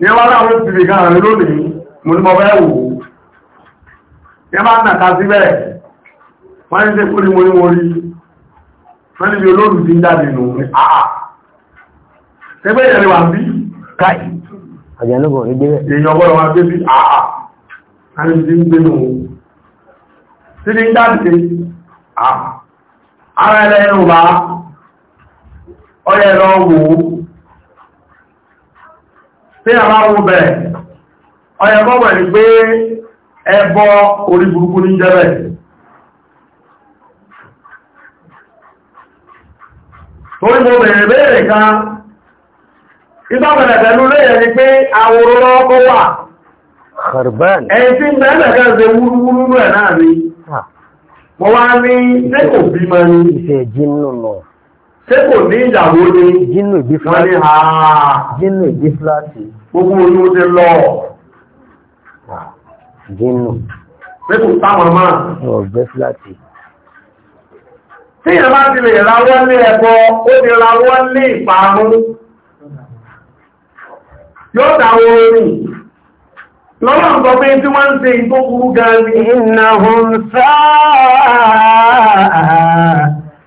ní wá láwọn ti rí gan rẹ̀ lónìí mo ní mọ́bẹ́ wò ó ní bá nàka síbẹ̀ wọ́n ní tẹ́kù ní morí morí wọ́n ní bí olóòrùn ti ń jáde nù ní àà tẹ́gbẹ́ ìrẹ̀ wà bí káì àjẹ́lógún ní tí a bá wo bẹ̀rẹ̀ ọyẹ kọ́bọ̀ ní pé ẹbọ orí burúkú ní jẹ́bẹ̀ torí mo bèèrè bèèrè kan ìtọ́bẹ̀rẹ̀ pẹ̀lú lẹ́yẹ̀ ni pé àwòrán ọkọ̀ wà ẹ̀yìn tí mẹ́lẹ̀ kan ṣe wúrúwúrú rẹ̀ náà ni ah. mo wá ní tẹ́kò bí mọ́ ní ìṣẹ́jì nínú ṣé kò ní ìyàwó ni jínú ìdí fúláṣì jínú ìdí fúláṣì gbogbo ojú ti lọ jínú pé kò táwọn máa ọ̀gbẹ́ fúláṣì tí ìyàn bá ti lè rawọ́ ní ẹ̀kọ́ ó ti rawọ́ ní ìparun yóò dáwọ́ orin lọ́nà ń gọ́gbé tí wọ́n ń ṣe ìgbókúrú gan ni ìnáhùn sáà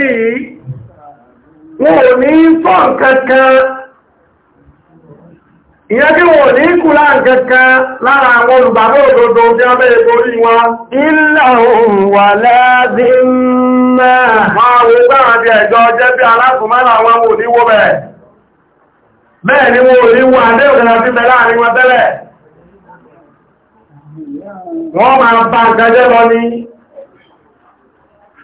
rí wọn ò ní fọ́ nǹkankan ìyẹn wọn ò ní kúlá nǹkankan lára àwọn olùgbàgbọ́ òdodo tí a bẹ́ẹ̀ borí wọn ilẹ̀ ohun wà láàbí mẹ́ wọn ò ní ni wọ́n máa bá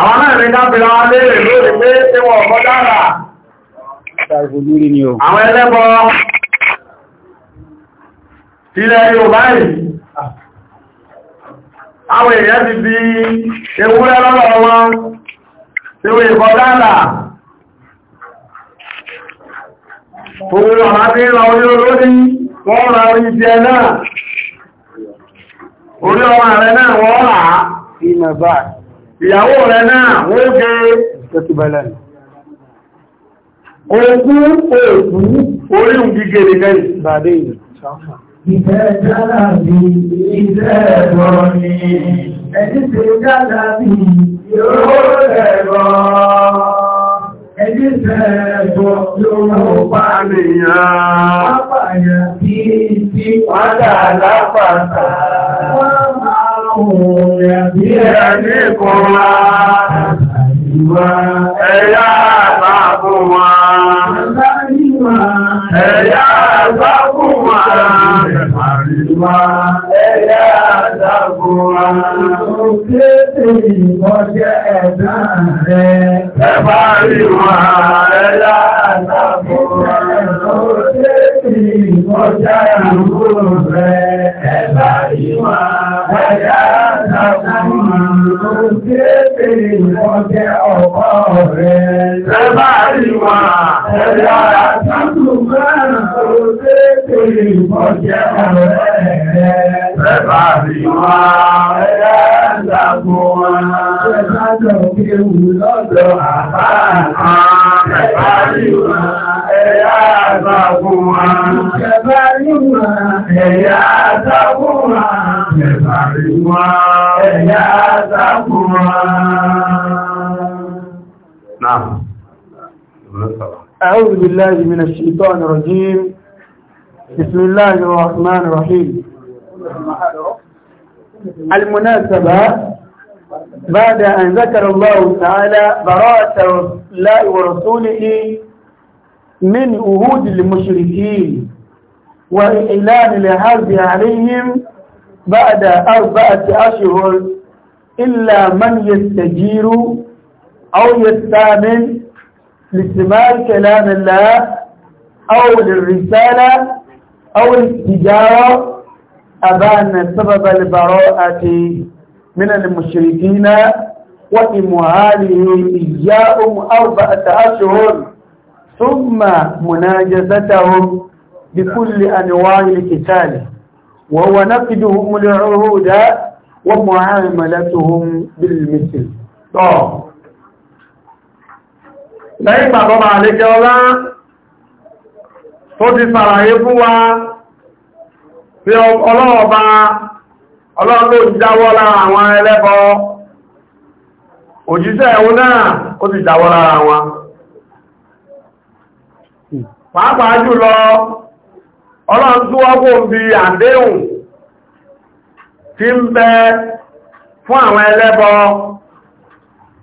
àwọn náà ní léèrè lórí pé tí wọ́n ọ̀pọ̀ dára àwọn àwọn èèyàn ti di ewúrẹ́ wọn tí wọ́n ìkọ̀ dára tí ń lọ orí olórí wọ́n náà, orí ọmọ rẹ̀ náà wọ́n ìyàwó rẹ̀ náà wọ́n gẹ́ òkú òkú orí ògígé nìkan ìbàdé ìdájára bí ìdẹ́ ẹ̀rọ ni ẹni tí ó dára bí yóò ẹ̀rọ ẹni tí ẹ̀rọ yóò pa nìyàn pápáyà ti wádà lápàtàkì bí ẹni kan wá ẹ̀yà àbábò wá ẹ̀yà Ìmọ̀ ẹ̀yà àdàbò àrùn kéèkè ìmọ̀jẹ́ ẹ̀dá rẹ̀. Ẹ̀bá ìmọ̀ ẹ̀yà àdàbò àrùn kéèkè ìmọ̀jẹ́ àrùn rẹ̀. Ẹ̀bá ìmọ̀ ẹ̀yà àdàbò àrùn kéèkè ìmọ̀jẹ́ ọ̀pọ̀ rẹ̀. Ẹ̀bá ìmọ̀ ẹ̀yà àdàbò àrùn kéèkè ìmọ̀jẹ́ ọ̀rẹ́. Ẹ̀bá sí wá ẹ̀yà ìdàgbò wá. Ẹ̀bá jọ kí ewu lọ́dọ̀ àbá àbá. Ẹ̀bá sí wá ẹ̀yà ìdàgbò wá. Ẹ̀bá أعوذ بالله من الشيطان الرجيم بسم الله الرحمن الرحيم المناسبة بعد أن ذكر الله تعالى براءة الله ورسوله من أهود المشركين وإعلان الحرب عليهم بعد أربعة أشهر إلا من يستجير أو يستامن لاستماع كلام الله أو للرسالة أو التجارة أبان سبب البراءة من المشركين وإمهاله إياهم أربعة أشهر ثم مناجزتهم بكل أنواع القتال وهو نقدهم العهود ومعاملتهم بالمثل. طب. لما ضم عليك ولا tó ti sàràyé fún wa fi ọlọ́ọ̀bá ọlọ́ọ̀lọ́ ìjáwọ́ lára àwọn ẹlẹ́bọ òjíṣẹ́ ẹ̀wọ́ náà ó ti jáwọ́ lára wọn pàápàá jùlọ ọlọ́run tó wọ́pọ̀ bí àdéhùn tí ń bẹ fún àwọn ẹlẹ́bọ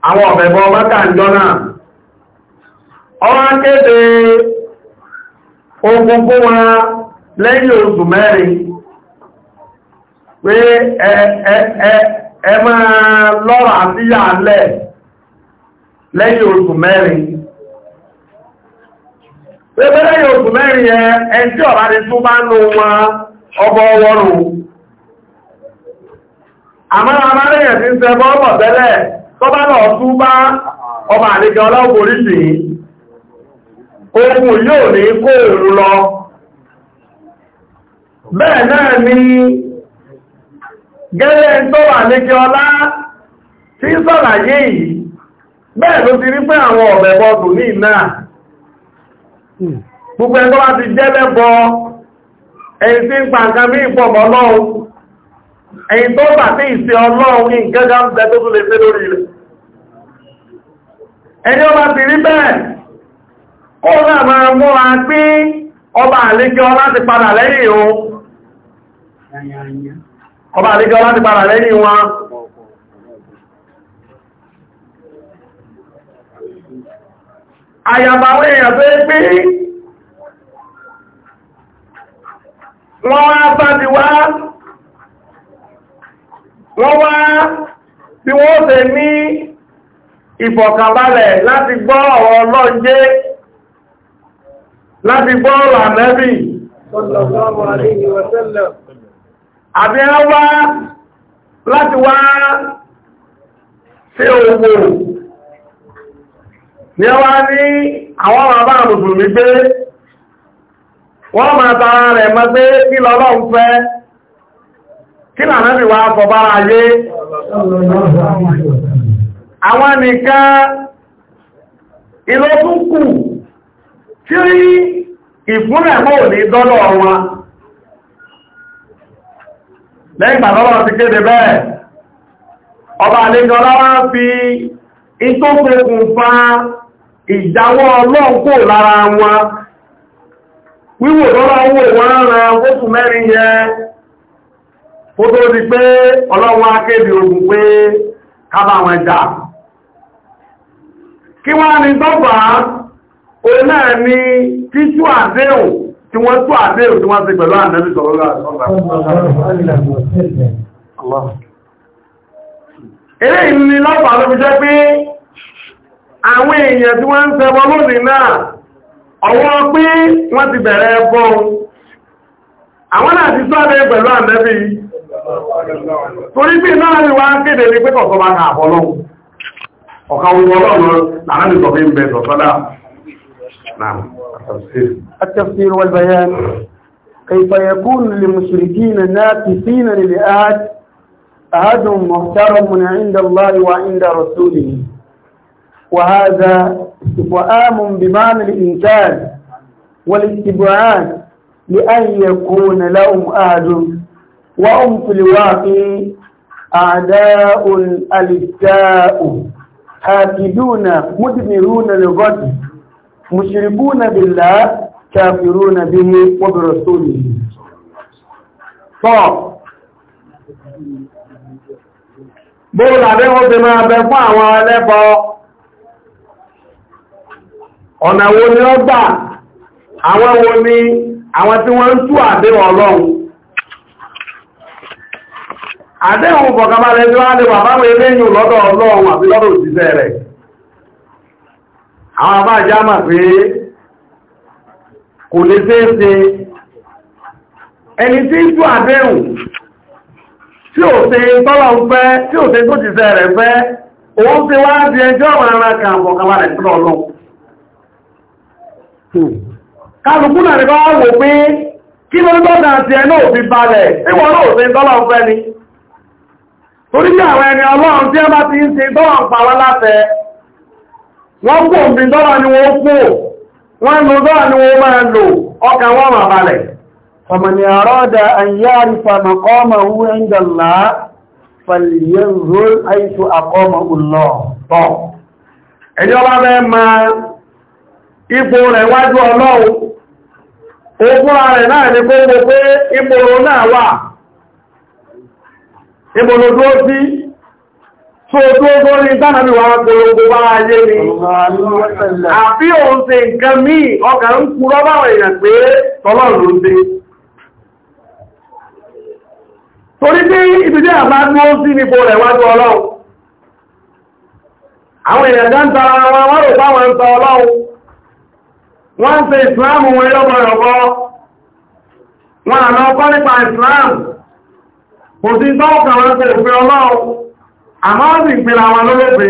àwọn ọ̀bẹ̀bọ ìjọ náà ọwọ́n kéde ogun fún wọn lẹ́yìn oṣù mẹ́rin pé ẹ máa lọ́rọ̀ àtíyà lẹ̀ lẹ́yìn oṣù mẹ́rin pé lẹ́yìn oṣù mẹ́rin ẹ tí ọ̀rá ti tún bá nù wọn ọgbọ́ wọ́rùn àmọ́ aláríyàn ti ń sẹ bọ́ọ̀bọ̀ tẹ́lẹ̀ tún bá ọmọ ohun yóò ní kó òru lọ bẹ́ẹ̀ náà ni gẹ́lẹ́ tó wà ní kí ọlá tí sọ̀làyé yìí bẹ́ẹ̀ ló ti rí pé àwọn ọ̀bẹ̀bọ̀ tò ní náà gbogbo ẹgbọ́ wá ti jẹ́ lẹ́bọ ẹ̀yìn tí ń pa nǹkan bí ìpọ̀mọ̀ ọlọ́run ẹ̀yìn tó bà tí ìṣẹ́ ọlọ́run kó náà máa múra pé ọba àlejò láti padà lẹ́yìn o ọba àlejò láti padà lẹ́yìn wọn àyàbàwé èèyàn tó ń pé wọ́n wá bá ti wá wọ́n wá bí wọ́n tẹ ní ìfọ̀kànbalẹ̀ láti gbọ́ ọ̀rọ̀ ọlọ́njẹ́ láti gbọ́ ọ̀rọ̀ ànẹ́bì àbí a wá láti wá sí owó ní a wá ní àwọn bàbá mùsùlùmí pé wọ́n máa tara rẹ̀ mọ́ pé kí lọ́lọ́ ń fẹ́ kí lànẹ́bì wá sọ ayé àwọn nìkan ìlọ́tún kù tí ìfúnlẹ̀ mọ́ ò ní dọ́lọ̀ wọn lẹ́gbà lọ́wọ́ ti kéde bẹ́ẹ̀ ọba àlejò láwá fi ìtókòkùn fa ìjáwọ́ ọlọ́ọ̀kò lára wọn wíwò lọ́lọ́ wọn rán fóṣù mẹ́rin yẹ kó tó di pé ọlọ́wọ́ akébi ogun pé kábà kí wọ́n ní tọ́pàá òun naa ni títú àbẹ́ò tí wọ́n tí wọ́n ti pẹ̀lú ànẹ́bí sọ̀rọ̀lá eré ìní lọ́pàá ló fi jẹ́ pé àwọn èèyàn tí wọ́n ń náà ọwọ́ pé wọ́n ti bẹ̀rẹ̀ àwọn náà ti sọ́dẹ̀ نعم التفسير والبيان كيف يكون للمشركين ناقصين للآد أحد محترم عند الله وعند رسوله وهذا استفهام بمعنى الإنكار والاستبعاد لأن يكون لهم أحد وهم في الواقع أعداء الأبتاء حاكدون مدمرون لغته mushrikuna billah kafiruna bihi wa bi rasulihi so bo la be wọ́n be ma be àwọn ẹlẹ́bọ ọ̀nà wo ni ó gbà wo ni àwọn tí wọ́n ń tú àdéhùn Ọlọ́run àdéhùn bọ̀kàbalẹ̀ tí àwọn àbá àjámà pé kò lè ṣeéṣe ẹni tí tó àdéhùn tí ò ṣe tọ́lọ̀ ń fẹ́ tí ò ṣe tó ti ṣe rẹ̀ fẹ́ òun ti wá di ẹjọ́ ara kan kí ló ń tọ́ta àti ẹnú òfin balẹ̀ ni ọlọ́run wọ́n kú o dọ́là ni wọ́n kú wọ́n lò dọ́là ni wọ́n máa lò ọkà wọ́n máa balẹ̀ ọmọnì àrọ́dà àyàrífà makọ́mà wúrẹ́ndàlá fàlìyànzó àìsù àkọ́mà tọ́ ma ipò rẹ̀ wájú ọlọ́run tó tó gọ́rí tánàbí bá ayé ni àbí òun ṣe nǹkan míì ọkà ń kúrọ báwọn èèyàn pé tọ́lọ́rùn ló dé torí pé ibìdí àbá ní ó sí nípo rẹ̀ wájú ọlọ́run àwọn èèyàn dá ń tara wọn wọ́n rò àmọ́ ó sì ń pèrè àwọn olóògbé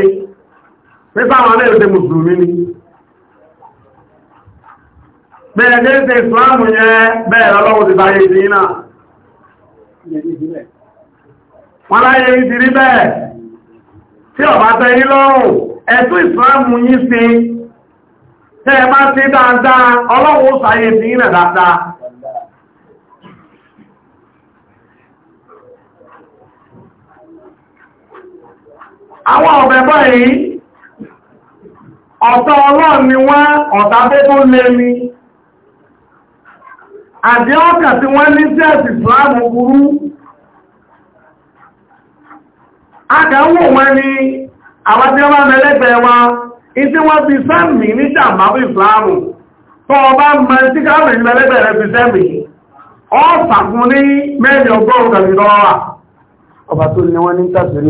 pé sáwọn náà ṣe mùsùlùmí ni bẹ́ẹ̀ ní ṣe ìsìláàmù yẹn bẹ́ẹ̀ lọ́lọ́wọ́ ti báyé sí náà wọ́n láyé ti rí bẹ́ẹ̀ tí ọ̀bá tẹ́ yí lọ́rùn ẹ̀tún ìsìláàmù yí sí tẹ́ ẹ bá sí dáadáa ọlọ́wọ́ sàyè sí náà dáadáa àwọn ọ̀bẹ̀ báyìí ọ̀tá ọlọ́run ni wọ́n ọ̀tá tó tó lé ní àdé ọkà tí wọ́n ní jẹ́ẹ̀sì ìsìláàmù burú agàwò wọn ni àwọn tí wọ́n mẹ́lẹ́gbẹ̀ẹ́ wa ìtí wọ́n fi sẹ́mì ní jàmbá fún ìsìláàmù tó ọba mọ̀ sí káàmì mẹ́lẹ́gbẹ̀ẹ́ fi sẹ́mì ọ̀sàkún ní mẹ́rin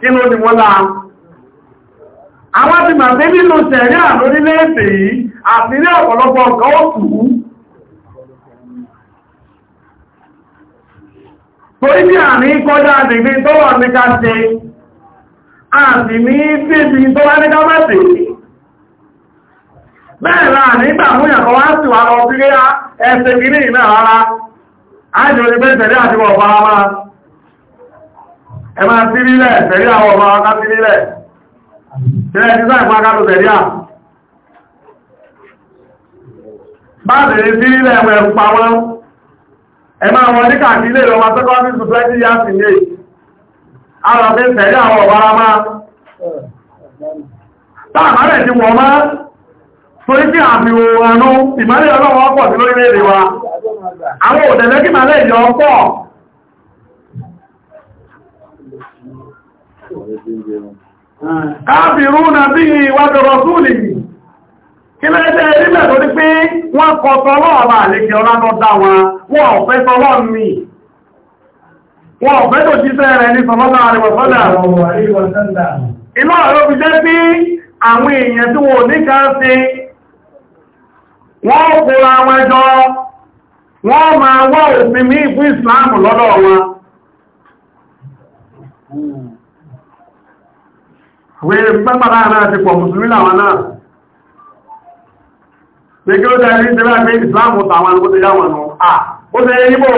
kí ní wọ́n láà àwọn ti màá pé nínú tẹ̀rí àlórílẹ̀ ètè yìí àfilẹ́ ọ̀pọ̀lọpọ̀ ọ̀kan ó tù torí bí àní kọjá àdìgbé tó wà ní ká ṣe àti ní bíbi tó wá ní ká mẹ́sì bẹ́ẹ̀ náà nígbà wá sí wà lọ sí rárá ẹ máa sí tẹ̀rí àwọn ọmọ ọ̀ká sí nílẹ̀ sáà ìpáká a tẹ̀rí à bá lè sí nílẹ̀ ẹ̀rù pa wọ́n ẹ máa wọ́n ní kàkí lè lọ́wọ́ sẹ́kọ́ndì tó twenty years tẹ̀rí àwọn máa rẹ̀ ti wọ̀ máa torí àmì òòrùn ọlọ́wọ́ pọ̀ sí lórílẹ̀ káàbìrú na bí ìwádọ̀rọ̀ súlì kí lẹ́ẹ̀dẹ́ ìrìnlẹ̀ tó ní pé wọ́n kọ tọ́lọ́ ọ̀la àlejò ọlátọ́ dá wọn wọ́n ọ̀fẹ́ tọ́lọ́ mi wọ́n ọ̀fẹ́ tó rẹ̀ ní sọlọ́lá àwọn pẹ́pàá náà ti pọ̀ mùsùlùmí làwọn náà pé kí ló tẹ́lẹ̀ ní tẹ́lẹ̀ pé ìsìláàmù tàwọn alùgbò tẹ́lẹ̀ àwọn nù à ó tẹ́lẹ̀ yíbò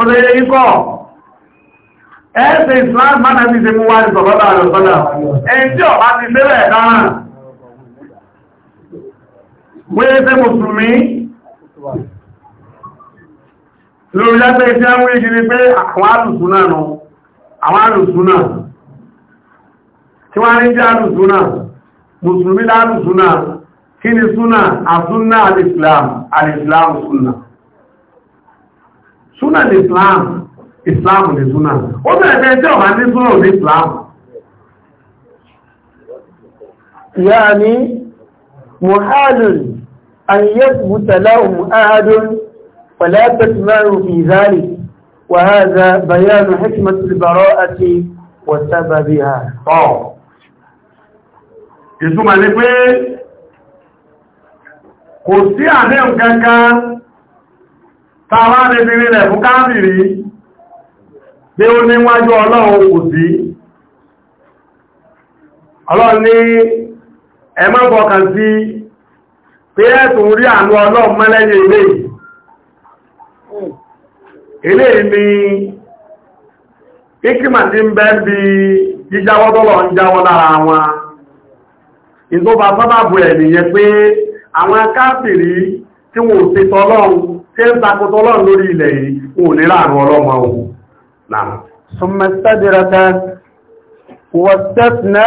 ó tẹ́lẹ̀ yíkọ́ ẹ́ẹ̀sẹ̀ ìsìláàmù máa náà ti ṣe mú wá ní sọ̀rọ̀lá àrẹ̀sọ́lá ẹni tí ọ̀bá ti tẹ́lẹ̀ náà wọ́n ṣe mùsùlùmí lórí lápẹ́ iṣẹ́ wọ́n yí سواني جالو سنة مسلمي لالو سنة كين سنة السنة الإسلام الإسلام سنة سنة الإسلام إسلام لسنة وماذا تنجو عن سنة الإسلام يعني محال أن يثبت لهم أحد ولا تسمعوا في ذلك وهذا بيان حكمة البراءة وسببها. ìtumọ̀ ní pé kò sí àdéhùn ní tàwà níbi rílẹ̀ fún káàbìrí bí ó ọlọ́run kò sí ọlọ́run ní sí pé ẹ̀tùn rí àánú ọlọ́run mẹ́lẹ́yìn ilé ilé ni ikimati ń bẹ́ bí jíjáwọ́dọ́lọ̀ ń jáwọ́ lára wọn ìgbọ́ba sábàbù ẹ̀ nìyẹn pé àwọn káàkiri tí wọ́n ò ṣe tọ́lọ́run tí ń takò tọ́lọ́run lórí ilẹ̀ yìí wọ́n ò ní láàrin ọlọ́mọ ohun náà summa stadrata wastatna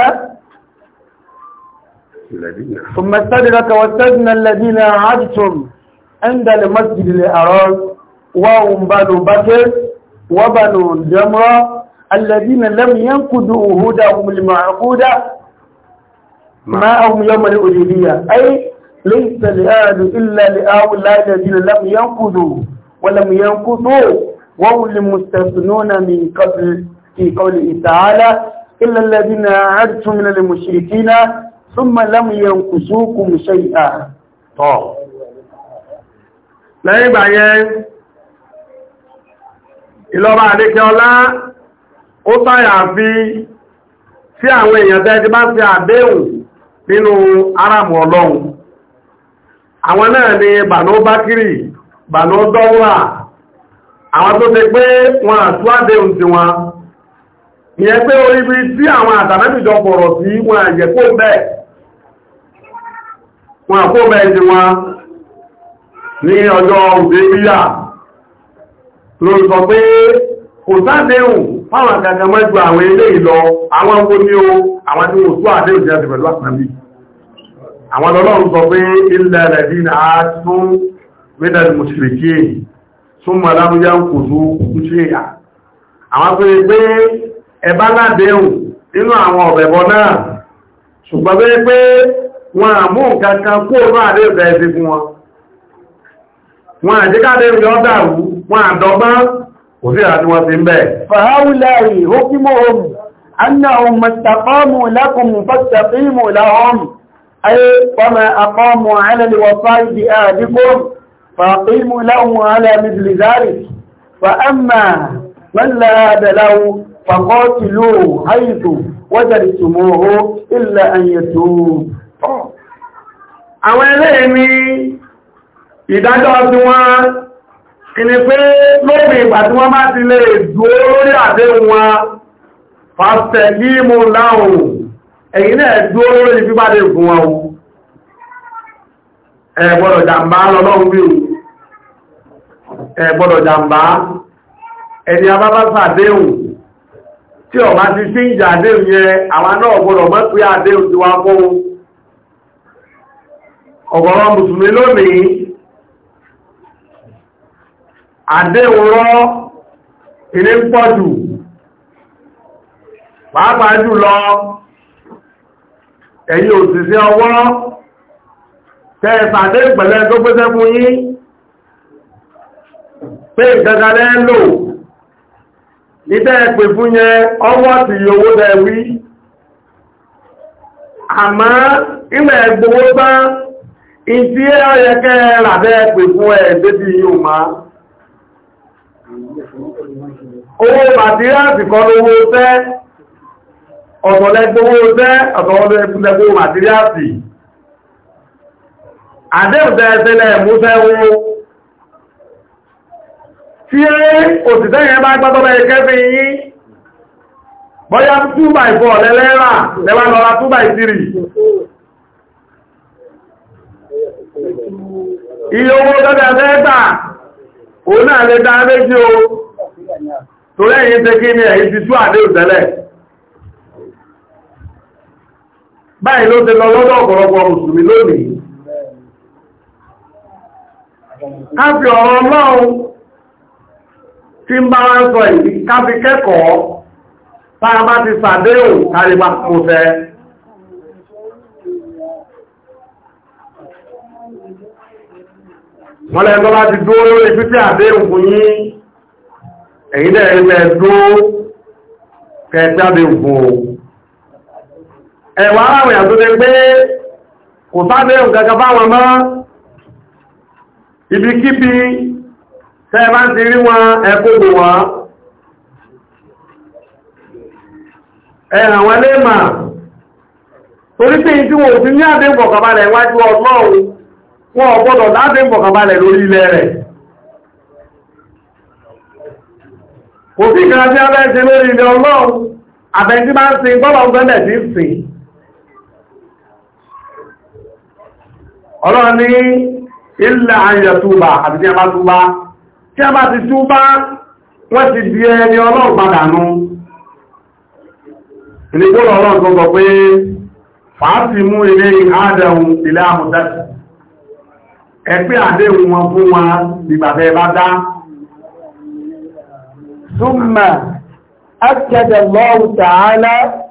summa stadrata wastatna alladhina 'adtum 'inda al-masjid al-haram wa hum banu bakr معهم يوم الأديبية أي ليس لآل إلا لآولاء الذين لم ينقذوا ولم ينقذوا وهم المستثنون من قبل في قوله تعالى إلا الذين عدتم من المشركين ثم لم ينقذوكم شيئا طب لأي بعين إلا بعدك يا الله ó sáyà fi sí àwọn èèyàn tẹ́ ti bá ti àdéhùn nínú aráàmù ọlọ́run àwọn náà ni bànú bákírì bànú dọ́wà àwọn tó ti pé wọn àtúwádé ohun ti wọn ìyẹn pé orí bí tí àwọn àtàlẹ́bìjọ pọ̀rọ̀ sí wọn àyẹ̀kó bẹ́ẹ̀ wọn àkó bẹ́ẹ̀ ti wọn ní ọjọ́ òdé bíyà sọ pé kò sáàdéhùn fáwọn àgàgà mẹ́jọ àwọn ilé ìlọ àwọn ọkọ̀ ní o àwọn tí ó tó àdéhùn jẹ́ àti pẹ̀lú àpàmì àwọn ọlọ́run sọ pé ilẹ̀ rẹ̀dí na a tún mẹ́dàlì mùsùlùmí tún mọ̀ lábúyá ń kò tó kò sí ìrántí wọ́n ti ń bẹ̀. fàáwùláì hókímọ̀ ohun anna ohun mọ̀tàkọ́mù lákùnmù fàtàkìmù láhọ́mù ayé pọ́mẹ àkọ́mù alẹ́lẹ́wọ̀fà ìdí àdígbò fàákìmù láhùn alẹ́mìdìlìzárì fàámà mọ́lá àdàláwù fàkọ́tìlú haitu wọ́jàdì tùmọ̀hó ilẹ̀ àyẹ̀tù àwọn ẹlẹ́yìn ni ìdájọ́ tí wọ́n ìní pé lórí ìgbà tí wọ́n bá ti lè dúró lórí àdéhùn wọn fàṣẹ̀ ní mú láhùn ẹ̀yìn náà dúró lórí fíbádé fún wọn ẹ gbọ́dọ̀ jàmbá lọ́lọ́run bí ẹ gbọ́dọ̀ jàmbá ẹni abábásà àdéhùn tí ọba ti sí ìjà àdéhùn yẹn àwọn náà gbọ́dọ̀ mọ́ pé àdéhùn ti wá fún ọgọ́rọ̀ mùsùlùmí lónìí àdéhùnrọ́ ilé pọ̀jù pàápàá jùlọ ẹ̀yin òṣìṣẹ́ ọwọ́ tẹ́ ìpàdé ìpẹ̀lẹ̀ tó pẹ́sẹ́ fún yín pé ìgẹ́gẹ́rẹ́ lò nítẹ́ ẹ̀pè fún yẹn ọwọ́ ti yòwó lẹ́wí àmọ́ ilẹ̀ ìgbówó bá ìdí ẹ̀yẹkẹ́ ràbẹ́ ẹ̀pè fún ẹ̀ débi yóò máa owó màtíríàsì kọ́ lówó tẹ́ ọ̀tọ̀lẹ́gbówó tẹ́ ọ̀tọ̀lẹ́gbówó màtíríàsì àdẹ́bùtẹ́ ẹsẹ́lẹ̀ múṣẹ́ owó tí òṣìṣẹ́ yẹn bá gbọ́tọ́lẹ́ kẹfẹ́ yìí bọ́yá 2x4 lẹ́lẹ́rà lẹ́wà lọ́ra 2x3 iye owó tọ́jà tẹ́ẹ̀tà òun náà lè dá méjì o tó lẹ́yìn tẹ́ kí ní ẹ̀yìn ti tú àdé òtẹ́lẹ̀ báyìí ló ti lọ lọ́dọ̀ ọ̀pọ̀lọpọ̀ mùsùlùmí lónìí ká fi ọ̀rọ̀ ọlọ́run tí ń bá wá ń sọ ìdí kẹ́kọ̀ọ́ tá a bá ti sàdéhùn kárí bá wọ́n lẹ́yìn tó bá ti dúró lórí pípẹ́ àdéhùn fún yín ẹ̀yìn náà ẹgbẹ́ dúró kẹta bí gbò ẹ̀wà àwọn àtúnṣe pé kò sáàbẹ̀ òǹkàkà báwọn mọ́ ibikíbi tẹ́ bá ti rí wọn ẹkùnlù wọn ẹ̀ràn wọn lè máa torí pé ìdíwọ̀n òfin ní àdéhùn kọ̀kàbalẹ̀ wájú ọlọ́run wọn ọgbọdọ láti ń bọ̀kànbalẹ̀ lórí ilẹ̀ rẹ̀ kò sí tí a bẹ́ ṣe lórí ilẹ̀ ọlọ́run àbẹ̀ntí máa ń sin gbọ́dọ̀ gbẹ́lẹ̀ sí sìn ọlọ́run ní ilẹ̀ àyẹ̀túbà àti tí a bá túbá tí a bá ti túbá wọ́n ti di ẹni ثم أكد الله تعالى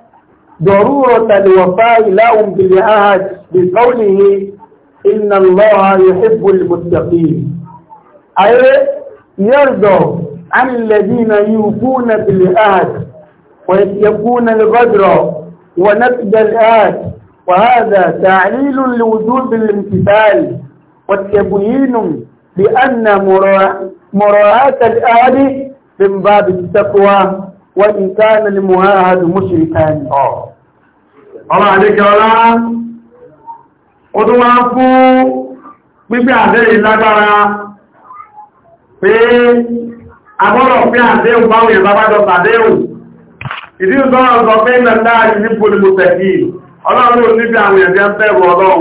ضرورة الوفاء لهم بالعهد بقوله إن الله يحب المتقين أي يرضى عن الذين يوفون بالعهد ويتقون الغدر ونقد الآت وهذا تعليل لوجود الامتثال وتبيين بأن مراعاة الأهل من باب التقوى وإن كان المعاهد مشركا ọ̀rọ̀ àdékẹ́ ọlá ó tó wá fún pípẹ́ àdéyìn lágbára pé agbọ́dọ̀ pé àdéhùn báwọn èèyàn bábá jọ sàdéhùn ìdí ìsọ́rọ̀ sọ pé ìlànà ìlú polimotekin ọlọ́run ò níbi àwọn èèyàn jẹ́ bẹ̀rù ọlọ́run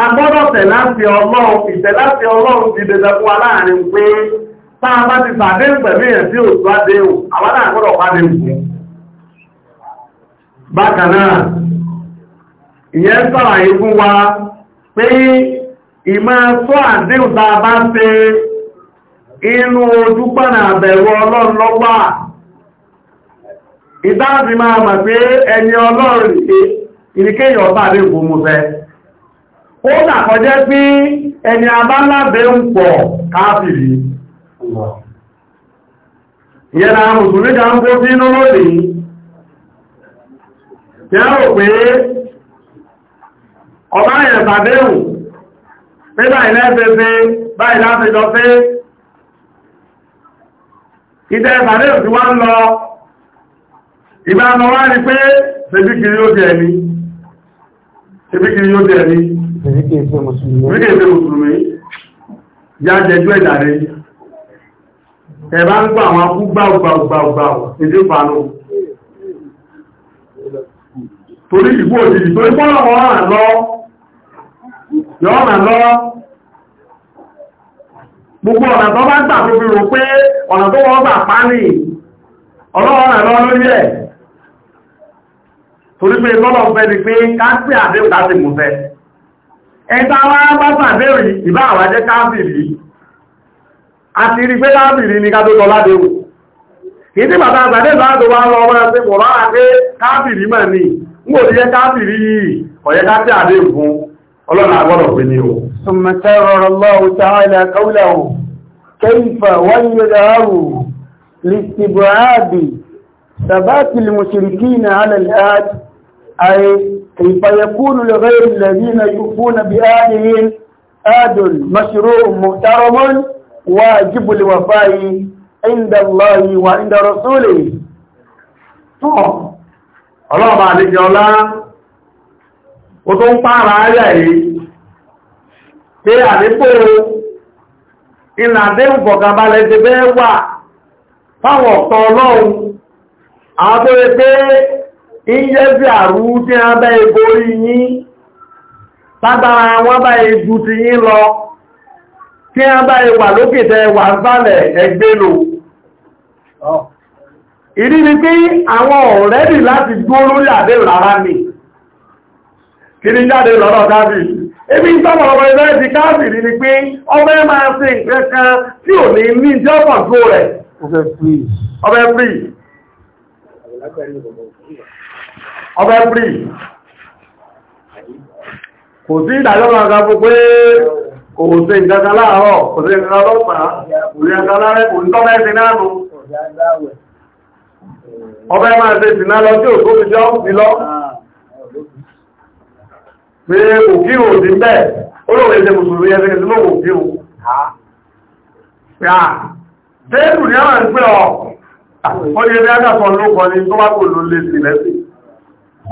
agbọ́dọ̀ tẹ̀láti ọlọ́run ìtẹ̀láti ọlọ́run ti dẹ̀dẹ̀ fún wa láàrin pé táa bá ti pàdé pẹ̀lú ẹ̀ tí òtú adéhùn àwọn náà pàdé ìgbùn bákan náà ìyẹn sàlàyé wa pé ìmá sọ àdéhùn táa bá ṣe inú ojú ó dàkọjẹ́ pé ẹni abálábẹ́ ń pọ̀ káàfìrí yẹna mùsùlùmí ga ń kó sínú lónìí tí a rò pé ọba yẹn sàdéhùn pé báyìí lẹ́fẹ́fẹ́ báyìí láfẹ́jọ pé ìdẹ́ sàdéhùn ti wá ń lọ wá pé kiri Ebi kiri yóò dẹ̀ ní. Ebi kiri ṣe Mùsùlùmí. Ebi kiri ṣe Mùsùlùmí. Yá jẹjú ẹ̀dà rẹ̀. Ẹ bá ń gbọ́ àwọn akú gbàgbàgbàgbà èdè ìpanu. Torí ìbú òjìjì tó ń bọ́lọ̀ wọn ràn lọ. Yọ́ ràn lọ. Gbogbo ọ̀nà tó bá gbà tó fi rò pé ọ̀nà tó wọ́n gbà pánì. Ọlọ́run ràn lọ lórí ẹ̀ torí pé bọ́lọ̀ fẹ́ ni pé káàkiri àdéhùn láti mú fẹ́ ẹta wá bá sàdéhùn ìbá àwà jẹ́ káàkiri àti rí pé káàkiri ní kátó tọ́lá déhùn bàbá àgbàdéhùn láti wá lọ ọmọ ثبات المشركين على الآد أي كيف يكون لغير الذين يوفون بآلهم آد مشروع محترم واجب الوفاء عند الله وعند رسوله ọlọ́ọ̀bá àdíjẹ ọlá o tó ń pààrà ayà yìí pé àdípò ìlàdé ìfọ̀kànbalẹ̀ ti bẹ́ẹ̀ wà fáwọn ọ̀tọ̀ ọlọ́run àwọn tó rẹ pé ìyẹ́ bí àrú tí a bẹ́ ìborí yín lágbára wọ́n bá ìjú ti yín lọ tí a bá ìwà lókè tẹ wà sálẹ̀ ẹgbẹ́ lò ìdí ni pé àwọn ọ̀rẹ́dì láti gbó lórí àdé rárá ni kí ní jáde lọ́rọ̀ dábì ebi ń tọ́mọ̀ ọmọ ẹgbẹ́ ti káàbìrì ni pé ọmọ ẹ máa ṣe nǹkan kan tí ò ní ní ìjọ́pọ̀ tó rẹ̀ ọmọ ẹ ọbẹ̀ prí kò sí ìdájọ́ ọ̀gá fún pé kò sí ìdájá láàárọ̀ kò sí ìdájá lọ́pàá kò sí ìdájá lárẹ́ kò ní tọ́bẹ̀ sí náàmù ọbẹ̀ máa ṣe ìsìná lọ sí òkú fi jọ́ sí lọ pé òkírò sí bẹ́ẹ̀ olóòwé ṣe mùsùlùmí ẹgbẹ́ sí lóòwò òkírò Téèkù ní àwọn ìpé ọ̀, ó ní ẹgbẹ́ àjàsọ̀ ló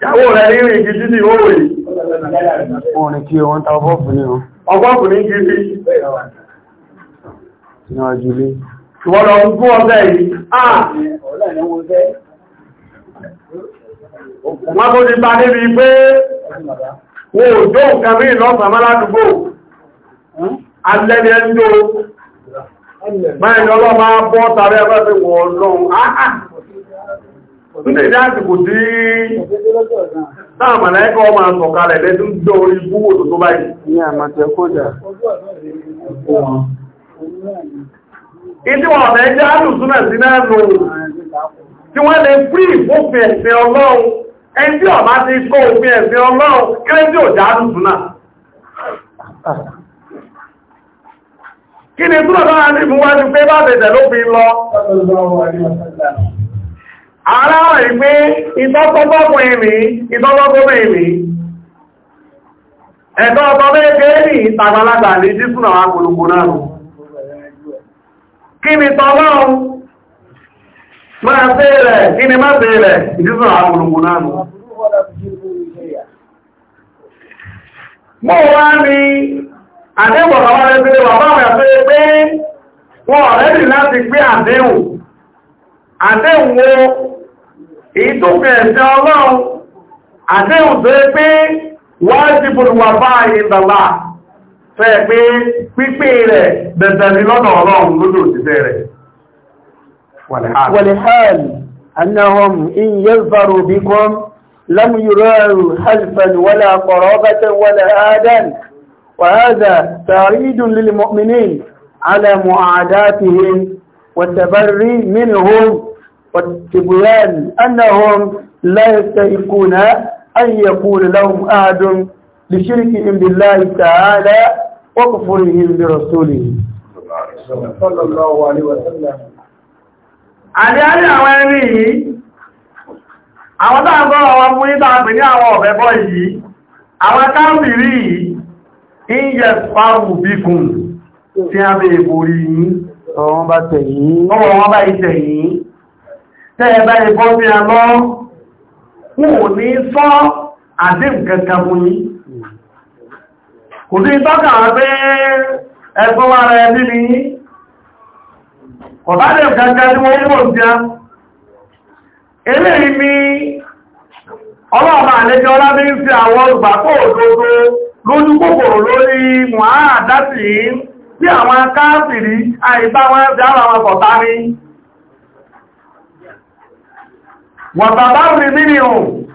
Ìyàwó rẹ̀ ní rìn gidi ní owó yìí. Wọ́n ni kí wọ́n ta ọgọ́fù ní wọn. Ọgọ́fù ní gidi. Ní ọjọ́ ilé. Ìwọ́n lọ fún ọ̀fẹ́ yìí. Ah! Wọ́n tó ti bá níbi pé wọ́n ò jó nǹkan bí ìlọ́pàá máa ládùúgbò. Alẹ́ni ẹni tó. Máa ń lọ́lọ́ máa bọ́ tàbí ẹgbẹ́ fi wọ̀ ọlọ́run. Ah! Nígbà ìdá àsìkò tí táà màláíkà ọmọ àsọ̀kalẹ̀ lẹ́tún jọ orí búwò tó tó báyìí. Ní àmàtẹ kódà. Ìdí wọn ọ̀nà ẹjẹ́ àlùsúnà sí náà nù tí wọ́n lè frí ìfófin ẹ̀sìn ọlọ́run ẹni tí ọ̀bá ti kọ́ òfin ẹ̀sìn ọlọ́run kílẹ̀ tí ò já àlùsúnà. Kí ni túnà bá wà ní ìfúnwájú pé bá bẹ̀ẹ̀ lófin lọ? ara rẹ̀ pé ìtọ́kọ́gbọ́kùn èmì ìtọ́kọ́gbọ́kùn èmì ẹ̀tọ́ ọ̀tọ́ méje ní ìtàgbàlagbà lè jí súnà àkùnlùkù náà kí ni tọ́lọ́run kí mọ́ àdéhùn àwọn èyí tó kẹ̀ẹ̀sẹ̀ ọlọ́run àdéhùn tó yẹ pé wọ́n ti bùrùwà bá ìdàlá fẹ́ pé pípé rẹ̀ bẹ̀bẹ̀rẹ̀ lọ́nà ọlọ́run lódò òṣìṣẹ́ rẹ̀ wàlẹ̀hàn annahum in yẹ́zọrọ̀ bí kọ́m lámúyúrọ̀rù halfan wala qarabatan wala adan وهذا تاريد للمؤمنين على معاداتهم والتبري منهم والتبيان أنهم لا يستيقون أن يقول لهم أحد لشركهم بالله تعالى وكفرهم برسوله صلى الله عليه وسلم àní àrí àwọn ẹni yìí àwọn táàbọ̀ àwọn mú ní tàbí ní àwọn ọ̀fẹ́ bọ́ yìí àwọn káàbìrí yìí ń yẹ fáwù bíkùn tí a bèèrè borí yìí ọwọ́n bá tẹ̀yìn tẹ́ẹ̀bá ìbọn ní alọ́ wọn ò ní sọ àdín kankan mú ní kò ní tọ́kà pé ẹgbọ́n kọ̀bá lè wọ́n mọ̀ sí á ni ọlọ́ọ̀bà àwọn olùgbàkó òdodo lójú kòkòrò lórí mùhàá àdásì àwọn àìbá wọ̀tàbá rí nínú ohun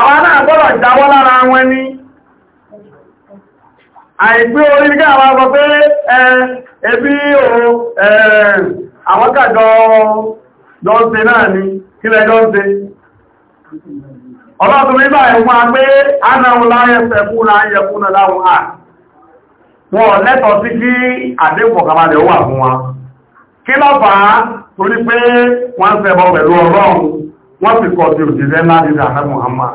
àwọn náà gbọ́dọ̀ jáwọ́ lára wọn ní àìgbé orí ní káàwà sọ pé ẹbí àwọn kàjọ lọ́nse náà ni kílẹ̀ lọ́nse ọlọ́tún nígbà ẹ̀wọ́n wọ́n wa kí torí pé wọ́n ń pẹ̀lú ọlọ́run wọ́n ti kọ̀ sí òjìṣẹ́ ńlá ní Muhammad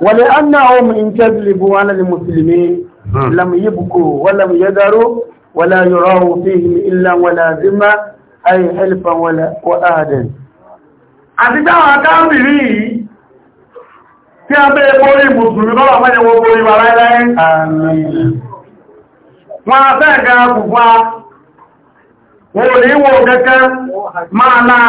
láàrin in kadhibu ala al-muslimin lam yabku wa lam yadaru wa la yurahu fihim illa wala zimma ay halfan wa ahadan àti táwọn akáàbìrí yìí tí a bẹ́ẹ̀ borí mùsùlùmí lọ́wọ́ mẹ́rin wọ́n borí wà láíláí wọ́n a fẹ́ gan-an kùfà wọ́n ò ní wọ́n kẹ́kẹ́ máa náà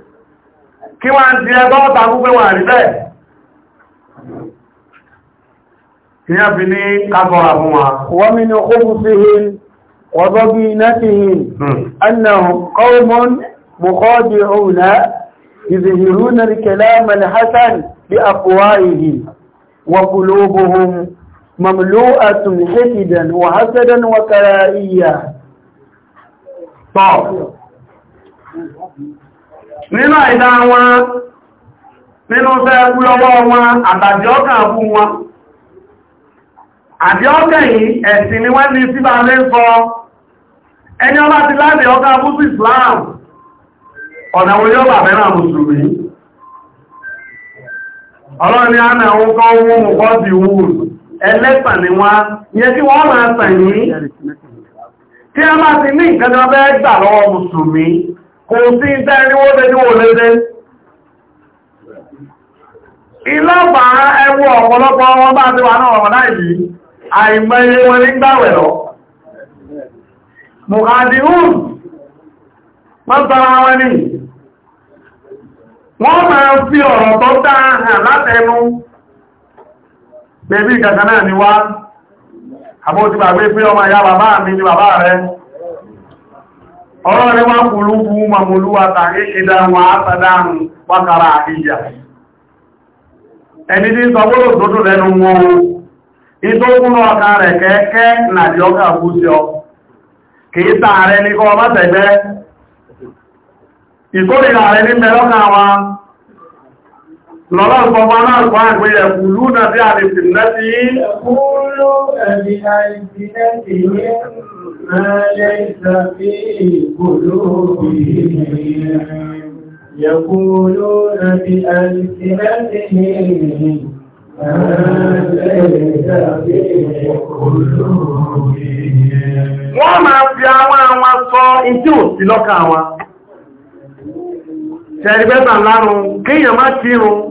kí wọ́n ń di ẹgbọ́ ọ̀ta gúgbé wọ́n rí bẹ́ẹ̀ kí yá fi ní kábọ̀rà fún wa wọ́n mi ní ọkọ̀ sí hin ọ̀dọ́ bí iná sí hin hmm. annahun kọ́wọ́n mọ̀kọ́dì ọ̀nà ìzìhìrú na rikẹ̀lá malhassan bí àkọwà ìhì wàkùlóbohun mamló'atun hasidan wa hasadan wa kara'iyya Tọ́, nínú àìdá wọn nínú fẹ́ kú lọ́wọ́ wọn àtàdí ọkà fún wọn àdí ọkà yìí ẹ̀sìn ni wọ́n ní síbà lé sọ ẹni ọba ti láti ọkà sí Islam ọ̀nà wo yóò mùsùlùmí ọlọ́ni mùkọ́ ni wọ́n yẹ kí wọ́n máa sàn yìí tí a máa ti ní bẹ́ẹ̀ gbà lọ́wọ́ mùsùlùmí kò sí ìdáríwọ́ tẹ́tíwò lẹ́tẹ́ ìlọ́pà ẹwọ ọ̀pọ̀lọpọ̀ wọn bá ti wà náà wọn ní gbàwẹ̀ lọ mùhàdìhùn mọ́tara ni wọ́n máa fi ọ̀rọ̀ tó dáhà látẹnu bẹ̀bí ìkàkà náà ni wá ọmọ ìyá bàbá mi ni bàbá rẹ̀ ọlọ́rẹ̀ wá kùrùkù mamolúwata ìṣẹ́dá wọn àtàdánù pàtàrà àdíjà ẹni tí sọgbọ́rọ̀ tótó lẹ́nu wọn ìtókúnlọ ọ̀ká rẹ̀ kẹ́ẹ̀kẹ́ nàbí ọkà kìí tààrẹ ní kọ́ lọ́lọ́ ìpọ̀pọ̀ náà kọ́ àgbé ẹ̀kùlú náà bí àdìsì lẹ́tí ẹ̀kùlú ẹ̀bí àìsì Wọ́n máa fi àwọn àwọn sọ ìdí òsì lọ́kà wọn. Ṣẹ̀rí bẹ́ta kíyàn má kírùn-ún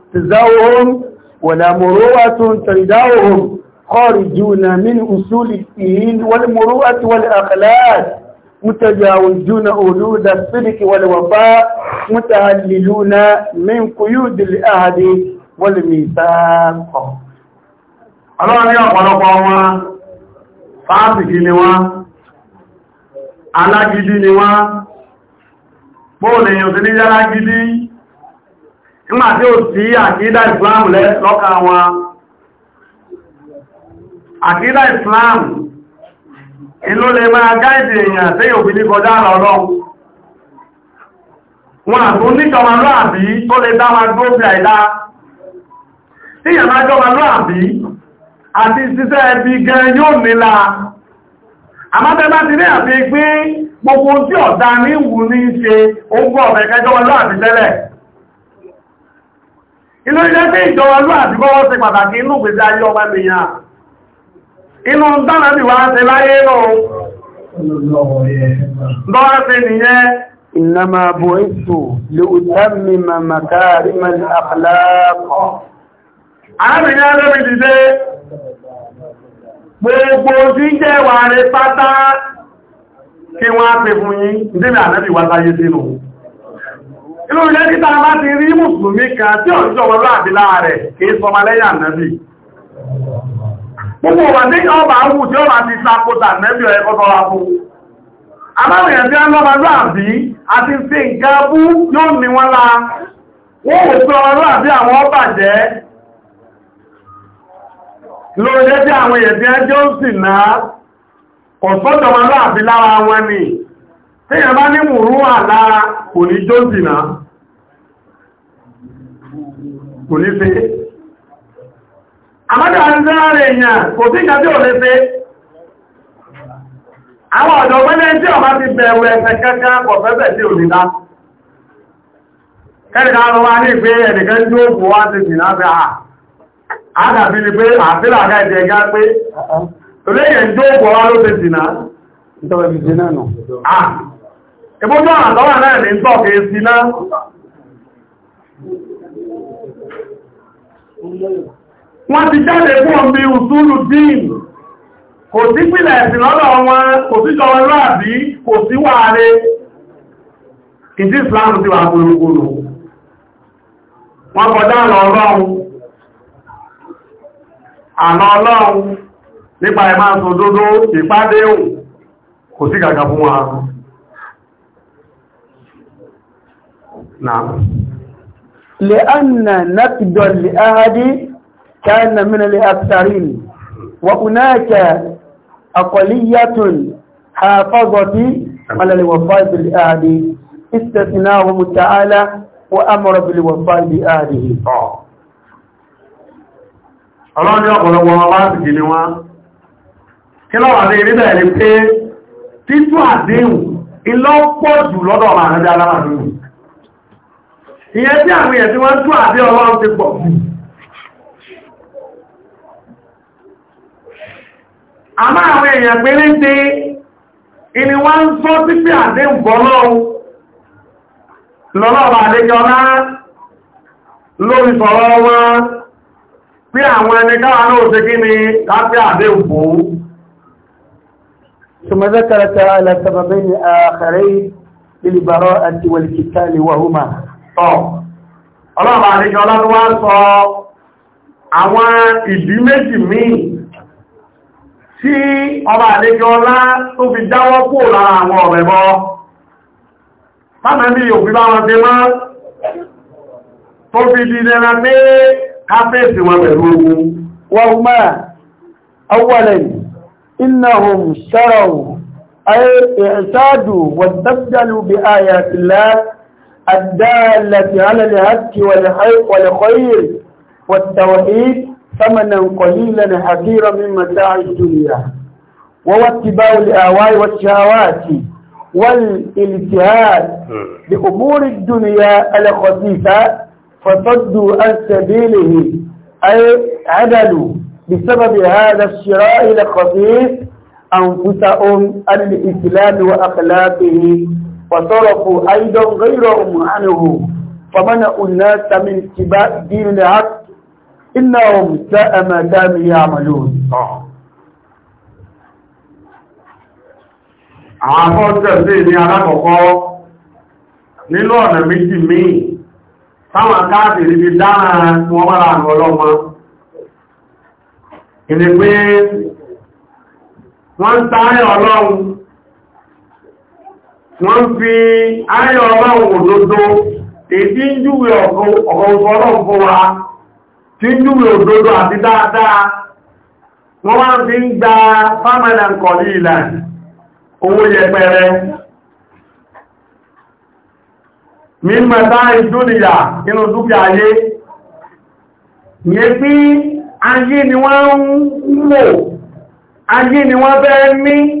تزاوهم ولا مروءة ترداوهم خارجون من أصول الدين والمروءة والأخلاق متجاوزون أولود الصدق والوفاء متهللون من قيود الأهد والميثاق الله yọ ọ̀pọ̀lọpọ̀ wọn, fásitì ni wọ́n, alágídí ni wọ́n, bóòlèyàn nígbà tí ó sí àkídà islam lọ́kà wọn àkídà islam inú lè máa gáìdì èèyàn tí yóò fi ní kọjá lọ́lọ́ wọn àtún níjọba lọ́àbí tó lè dáma gbóòfì àìdá tí yàmá jọba lọ́àbí àti ṣiṣẹ́ ẹbí gan yóò nílá àmọ́tẹ́bá ti ní àti pé gbogbo tí ọ̀dá ní ìwú ní ṣe ó gbọ́ ọ̀bẹ̀kẹjọ́ lọ́àbí tẹ́lẹ̀ inú ilé tí ìjọba ló àti bọ́wọ́ ṣe pàtàkì inú gbèsè ayé ọba nìyàn inú dára bí wá ṣe láyé lọ gbogbo tí jẹ́ wà rẹ̀ pátá kí wọ́n á pè fún yín ìdílé àrẹ́bì wá sáyé sínú inú ilẹ̀ títà bá ti rí mùsùlùmí kan tí ọjọ́ wọn láàbí láàrẹ̀ kìí sọmọ lẹ́yà nẹ́bì púpọ̀ wà ní ọba wù tí ọba ti sakota nẹ́bì ẹ̀kọ́ tọ́ra fún aláwọ̀ ẹ̀bí ọlọ́ba láàbí àti ṣe nǹkan bú yóò ní wọn la wọ́n wò pé ọba lára wọn ni tí ẹ̀bá ní mùrú àlára kò ní jó zìnà kò ní fẹ́ àmọ́dá ń zẹ́ rẹ̀ èèyàn kò sí ìjọ́ tí ò lè fẹ́ àwọn ọ̀dọ̀ pẹ́lẹ́ tí ọba ti bẹ̀rù ẹ̀fẹ́ kẹ́kẹ́ kọ̀ fẹ́fẹ́ tí ò nílá kẹ́rìnà lọ wá ní ìpé ẹ̀nìkan tí ó kò wá ti jìnà fẹ́ àádàbí ni pé àfílà àgá gá pé uh-huh. ìbójú àtọ́wà náà ní tọ́kì sí náà wọ́n ti jáde fún ọmọ ìrùsúrù dín kò sí pìlẹ̀ ẹ̀sìn lọ́dọ̀ wọn kò sí jọ wọn láàbí kò sí wàáre ìdí ìsìláàmù ti wà gbogbogbò wọ́n kọjá àlọ́ ọlọ́run àlọ́ ọlọ́run nípa ẹ̀má sọ dódó ìpàdé òun kò sí gàgà fún wọn نعم لأن نقد لأحد كان من الأكثرين وهناك أقلية حافظت على الوفاة بالآهد استثناهم تعالى وأمر بالوفاة بآهده ọlọ́ni ọ̀pọ̀lọpọ̀ ọmọ láti ni wọ́n kí lọ́wọ́ àti ìrìnlẹ̀ ẹ̀lẹ́ pé títún àdéhùn ilọ́pọ̀ jù lọ́dọ̀ ọmọ àrẹ́dẹ́ alámàdúrù ìyẹn tí àwọn èèyàn tí wọ́n tú àbí ọlọ́run ti pọ̀ jù àmọ́ àwọn èèyàn péré ti ìní wọ́n ń sọ títí àdé ìbọ́lọ́run lọ́lọ́ọ̀bà àdéjọlá lórí sọ̀rọ̀ wọn pé àwọn ẹni káwà náà ṣe kí ni láti àdé ìbò ثم ذكر تعالى سببين آخرين للبراءة والكتال وهما tọ́ ọlọ́ọ̀bá àdíjọ́ ọla sọ àwọn ìdí méjì míì tí ọba àdíjọ́ ọlá tó fi dáwọ́ kó lára àwọn ọ̀rẹ̀bọ́ mọ́mẹ́bí òfin bá wọn ti mọ́ tó fi di pé káfẹ́ẹ̀sì wọn pẹ̀lú ogun wọ́n mọ́ ọwọ́lẹ̀ innahum sharau الدالة على الهك والخير والتوحيد ثمنا قليلا حقيرا من متاع الدنيا وهو اتباع الآواء والشهوات والالتهاد بأمور الدنيا الخفيفة فصدوا عن سبيله أي عدلوا بسبب هذا الشراء الخفيف أنفسهم الإسلام وأخلاقه وصرفوا أيضا غيرهم عنه فمنعوا الناس من اتباع دين إنهم ساء ما كانوا يعملون àwọn ọjọ́sí ní alákọ̀ọ́kọ́ nínú ọ̀nà méjì míì táwọn káàkiri níbi dára tí wọ́n bára ìní pé wọ́n ń sáré ọlọ́run wọ́n fi ayọ̀ ọlọ́run òdodo èdí ń júwe ọ̀gọ̀gọ̀rọ̀ fún wa tí ń júwe òdodo àti dáadáa wọ́n wá fi ń gba fámẹ́lẹ̀ ǹkọ̀lì owó yẹpẹrẹ mímọ̀ta ìdúnìyà inú dúkìá ayé ayé ni wọ́n ń wò ayé ni wọ́n bẹ́ẹ̀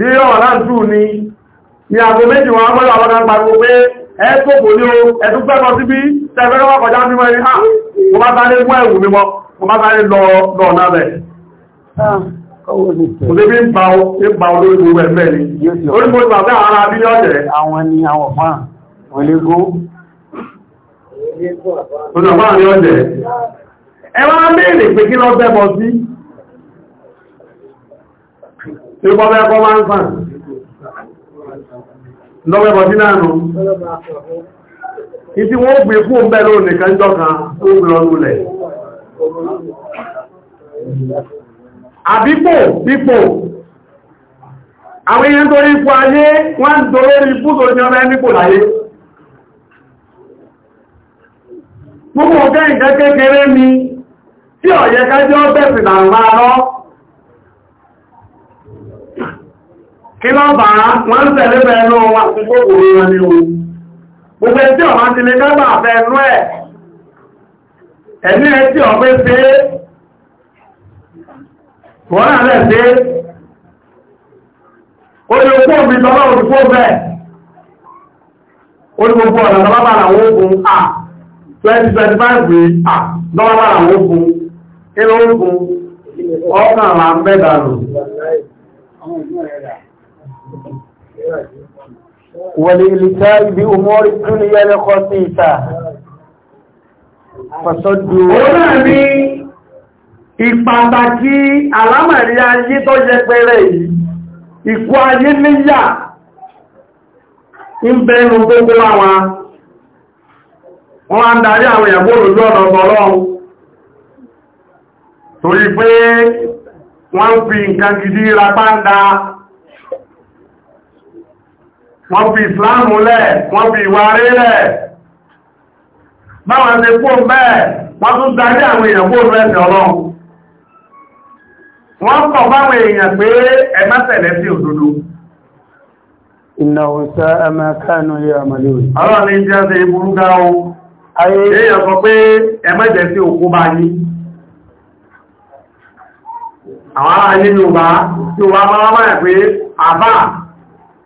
bí ọmọ láńtù ni ní àgbò méjì wọn gbọ́dọ̀ àwọn kan pariwo pé ẹ tó kò ní o ẹ̀tún pẹ́ kan síbí tẹ́fẹ́ wọ́n kọjá mímọ́ ẹni ha ah, mo bá sáré mú ẹ̀wù mi mọ́ mo bá sáré lọ ọ̀nà bẹ̀ ah, mo débi ń ba olórí gbogbo ẹ̀fẹ́ ni orí mo gbà fẹ́ àwọn abílẹ̀ ọ̀jẹ̀ àwọn ni àwọn fáà wọ́n lé gó ọ̀nà fáà ni ọ̀jẹ̀ ẹ wá ń béèrè pé kí lọ bẹ́ bọ́ sí tí bọ́ bẹ́ẹ̀ kọ́ máa ń sàn lọ́wẹ́bọ̀ sí náà nù ìtí wọ́n gbé fún ọmọ ẹ̀lọ́ nìkan jọ́kan tó gbé ọdún lẹ̀ àbípò pípò àwọn èèyàn torí ipò ayé wọ́n ń torí ipò tó ní ọmọ ẹ̀mípò láyé gbogbo ọ̀gá ìjẹ́ kékeré mi tí ọ̀yẹ́kájọ́ bẹ̀sìn àrùn máa kí lọ bá wọ́n tẹ̀lé bẹ̀ẹ́nú wọn fún gbogbo wọn ni o gbogbo ẹtí ọ̀má ti lè ẹ̀ ẹ̀mí ọ̀pẹ́ wọ́n lẹ̀ omi tọ́lá ní ọ̀nà tọ́lá bá làwọn ogun à 2025 rí à tọ́lá bá làwọn ogun kí ló ogun ọkàn là ń bẹ́ẹ̀ ولإلتاء بأمور الدنيا الخطيئة فصدوا ولعني ìpàtàkì alámẹ̀rí ayé tó yẹ pẹ̀rẹ̀ yìí ìkú ayé níyà ń bẹ̀rù gbogbo àwọn wọ́n ń darí àwọn ìyàwó olójú ọ̀nà ọ̀bọ̀lọ́run torí pé wọ́n fi nǹkan gidi rapá ń dáa wọ́n fi ìsìláàmù lẹ̀ wọ́n fi ìwà rí lẹ̀ báwọn ti kó bẹ́ẹ̀ wọ́n tún darí àwọn èèyàn kó rẹ̀sẹ̀ ọlọ́run wọ́n kọ̀ báwọn èèyàn pé ẹ má tẹ̀lé sí òdodo ìnáwó sá ẹmà kánú yẹ àmàlẹ́ òní ọlọ́run ní jẹ́ ṣe burú o èèyàn sọ pé ẹ má jẹ́ sí òkú bá yí àbá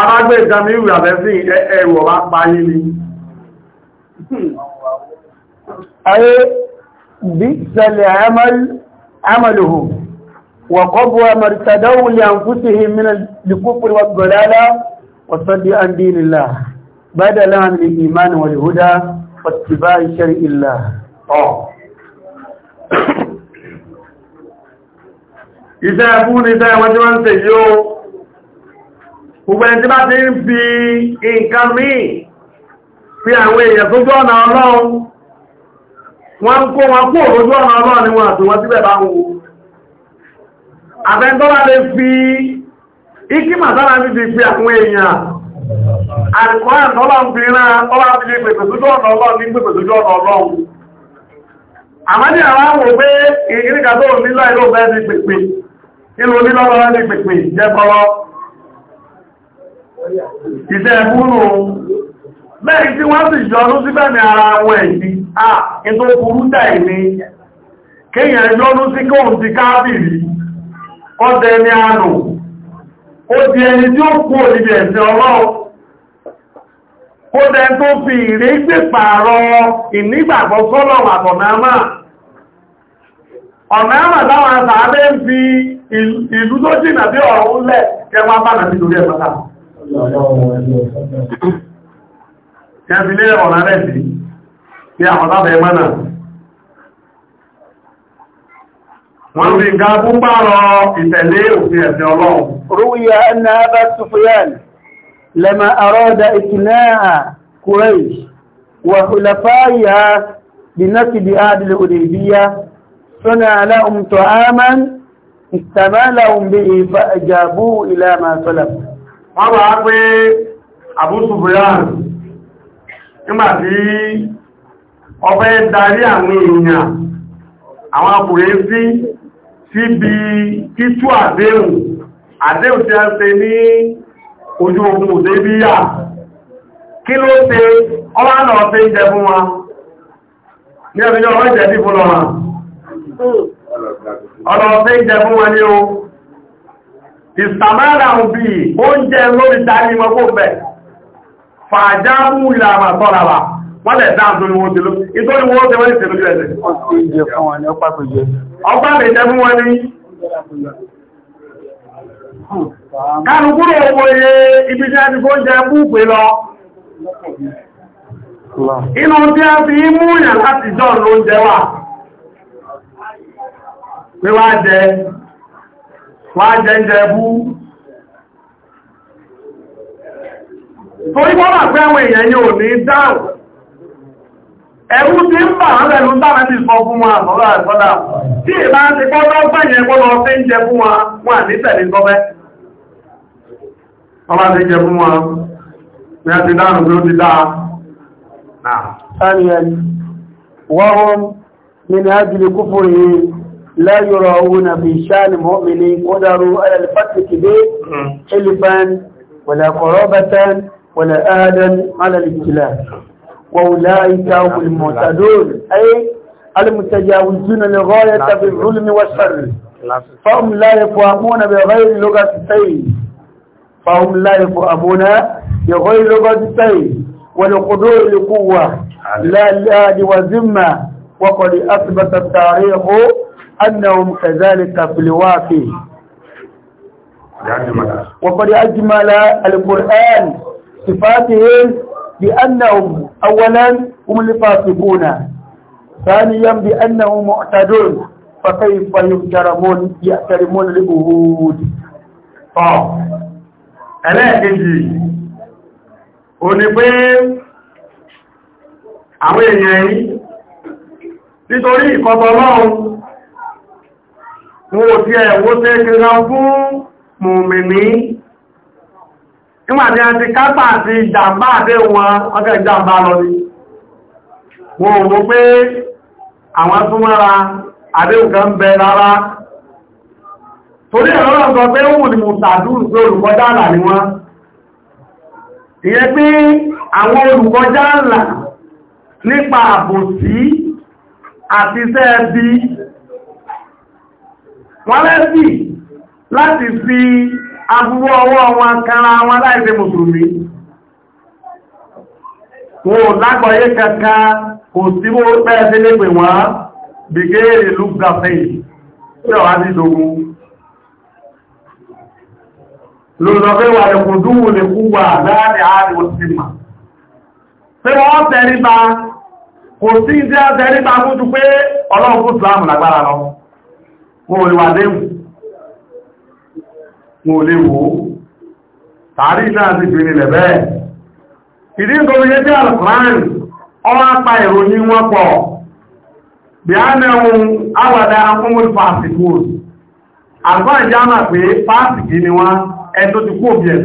arágbé ìdámi ìwé àbẹ́sí ẹ̀wọ̀ wá páyé ni ayé bí sẹlẹ̀ amaluhu wa qabwa martadaw li anfusihim min al-kufr wa ad-dalala wa saddi an dinillah badala min iman wal huda wa ittiba'i shar'illah iṣẹ́ ẹwọ́n tí wọ́n ń tẹ̀ yóò gbogbo ẹni tí bá ti ń fi nǹkan míì fi àwọn èèyàn tó jọ́ ọ̀nà ọlọ́run wọ́n ń kó wọn kó òrójú ọ̀nà ọlọ́run ni wọ́n àti síbẹ̀ bá wo lè fi ikímà sára ní ti fi àwọn èèyàn àkọ́yà tọ́lọ́run fi rán ọ̀nà ọlọ́run ní pèpè ọ̀nà ọlọ́run iṣẹ́ ẹ̀kúnnù bẹ́ẹ̀ tí wọ́n sì jọ ló síbẹ̀ ní ara wọn ẹ̀yí à ètò burú dẹ̀ ní kéèyàn yọ́ ló sí kóhùn ti káàbìrì ọdẹ ní àánú ó di ẹni tí ó kú òdìdì ẹ̀sẹ̀ ọlọ́run dẹ tó àtàbẹ́ ń fi ìlú bí ọ̀rọ̀ ń lẹ̀ Kí a fi lé ọ̀nà rẹ̀ sí, kí a ọ̀dábẹ̀ mọ́nà. Wọ́n fi ga púpá rọ ìtẹ̀lé òfin ẹ̀sẹ̀ ọlọ́run. Rúwíyà ẹ̀nà Abá Sufyan, lẹ́mà àrọ́dà ìtìnáà Kúrẹ́ṣ, wà hùlàfáyà bí náà bí ádìlẹ̀ òdèbíyà, sọ́nà aláhùn tọ́ ámán, ìtàbálà wọ́n wá pé Abu Sufyan nígbàtí ọbẹ̀ darí àwọn èèyàn àwọn akùnrin sí síbi títú àdéhùn àdéhùn tí a ṣe ní ojú ogun òdébíyà kí ló ṣe ọlá náà ṣe ń jẹ fún wa ní ọdún yọ́ ọjẹ́ sí fún lọ́rọ̀ ọlọ́ọ̀ṣẹ́ ń jẹ fún wa ní o ìsàmára òbí oúnjẹ lórí dárí mọ́kó bẹ̀ fàájámú ìlàmà tọ́ràwà wọ́n lẹ̀ dáa tó ní wọ́n tèlú ìtọ́ni wọ́n tẹ́wọ́n ní tèlú ẹ̀sẹ̀ jẹ́ fún wọn inú tí a fi mú ìyàn láti wà pé wá wọ́n á jẹ ìjẹ ẹbú torí wọ́n wà ẹ̀rú ń bà tàbí ti sọ fún wọn àtọ́lá àtọ́lá tí ìbá ti kọ́ lọ gbẹ̀yẹ kọ́ lọ sí jẹ fún wọn wọn tẹ̀lé sọ́fẹ́ wọ́n bá ti jẹ fún wọn a ti bí ó ti dáa لا يراؤون في شان مؤمن قدروا على الفتح كبير حلفا ولا قرابة ولا آدا على الابتلاء وأولئك هم المعتدون أي المتجاوزون لغاية بالظلم والشر فهم لا يفهمون بغير لغتين فهم لا يفهمون بغير لغتين ولقدور القوة لا الآد وذمة وقد أثبت التاريخ أنهم كذلك في الوافي وقد أجمل القرآن صفاتهم بأنهم أولا هم الفاسقون ثانيا بأنهم معتدون فكيف يحترمون يحترمون العهود ẹlẹ́ẹ̀kejì ò ní pé àwọn èèyàn yìí nítorí ìkọ̀bọ̀ lọ́run wọ́n tí ẹ̀wọ́ tẹ́ kẹra fún mùmìnì nígbàtí a ti kápá àti ìjàmbá àdé wọn ọkẹ́ ìjàmbá lọ ní wọ́n mú pé àwọn súnmọ́ra àdé nǹkan bẹ rárá torí ẹ̀rọ sọ pé wùn ni mo tàdúrù pé olùkọjá àlà ni wọ́n ìyẹn pé àwọn olùkọjá àlà nípa àbòsí àti wọ́n lẹ́sì láti fi agbúrú ọwọ́ wọn kanra wọn láìsẹ mùsùlùmí wọn lágbọ̀yé kankan kò sí mú pẹ́ẹ̀sẹ́ lépè wọ́n bìgẹ́rẹ̀ lúgbàfẹ́ tí ọ̀wá sí dogun lòlọ́fẹ́ wà lẹ́kùn dúwò lè kú wà láàrin àárín òsì mà pé wọ́n tẹ́rí bá kò sí ìdí wọn ò lè wà léwu wọn ò lè wò ó tààrí náà ti fi nílẹ̀ bẹ́ẹ̀ ìdí nítorí yẹ́ jẹ́ alkùnrin ọwọ́ apá ìròyìn wọn pọ̀ bí a náà awàdá akúnmọ́lù fásitì àgbà ìjámà ni wọ́n ẹni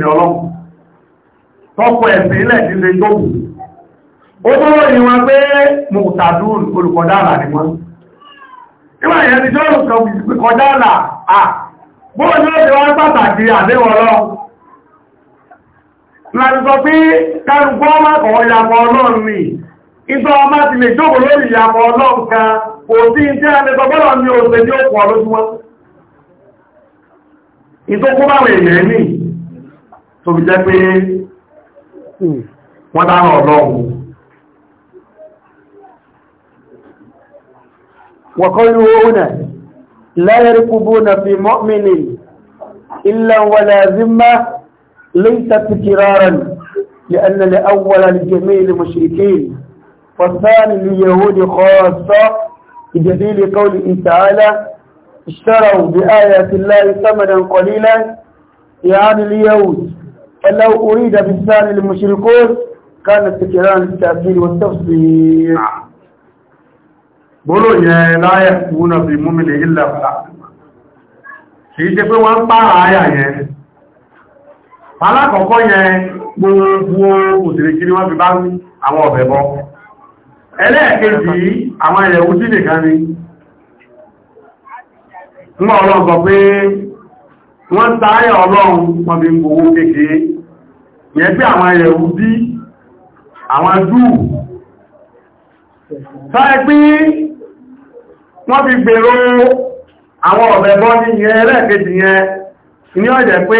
tó wọn Nígbà yẹn ti jọ́rùn kan kọjá là à bóò ní ó ti wá pàtàkì àdéwọ̀ Láti sọ pé kárùkọ́ ọmọ kọ̀ọ̀ yàpọ̀ ọlọ́run ni, ìtọ́ ọmọ ti lè jókòó lórí ìyàpọ̀ ọlọ́run kan, kò sí ní oṣù ní ní, tó fi jẹ́ pé وقوله هنا لا يركبون في مؤمن إلا ولا ذمة ليست تكرارا لأن الأول لجميع المشركين والثاني لليهود خاصة بدليل قوله تعالى اشتروا بآيات الله ثمنا قليلا يعني اليهود فلو أريد بالثاني المشركون كان التكرار للتأثير والتفصيل gbólò nye láyẹ̀ kúrò bí múmìnì ilẹ̀ fàlá kì í ṣe pé wọ́n ń pààrà àyà yẹn alákọ̀ọ́kọ́ gbogbo kiri wọ́n fi bá ní àwọn ọ̀bẹ̀ bọ́ ẹlẹ́ẹ̀kejì àwọn ẹ̀yẹ̀wú sí nìkan ni pé wọ́n ọlọ́run wọ́n pí wọ́n fi gbèrò àwọn ọ̀bẹ̀ bọ́ ní yẹn ẹlẹ́ẹ̀kejì yẹn ní ọ̀jẹ̀ pé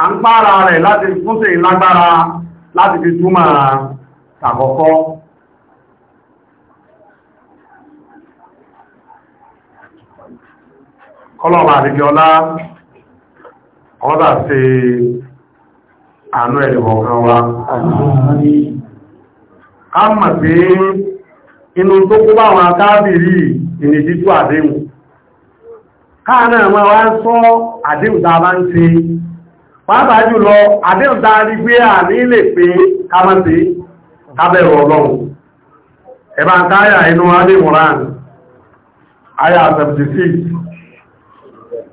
a ń pààrà rẹ̀ láti fúnṣe ìlágbára láti fi túmọ̀ tàkọ́kọ́. Kọ́lọ̀wà àríkẹ́ọlá, ọ̀dà ṣe àánú ẹ̀lẹ̀kọ̀ọ̀kan wa. Ká mọ̀ pé inú tó kó bá wọn káàbìrí ìnìdíjú àdéhùn káàná ma wá ń sọ àdéhùn tá a bá ń ṣe pàápàá jùlọ àdéhùn tá a rí gbé à ní lè pé kámọ́sí kábẹ̀rù ọlọ́run ẹ̀bá ń káyà inú adéhùnrán àyà 76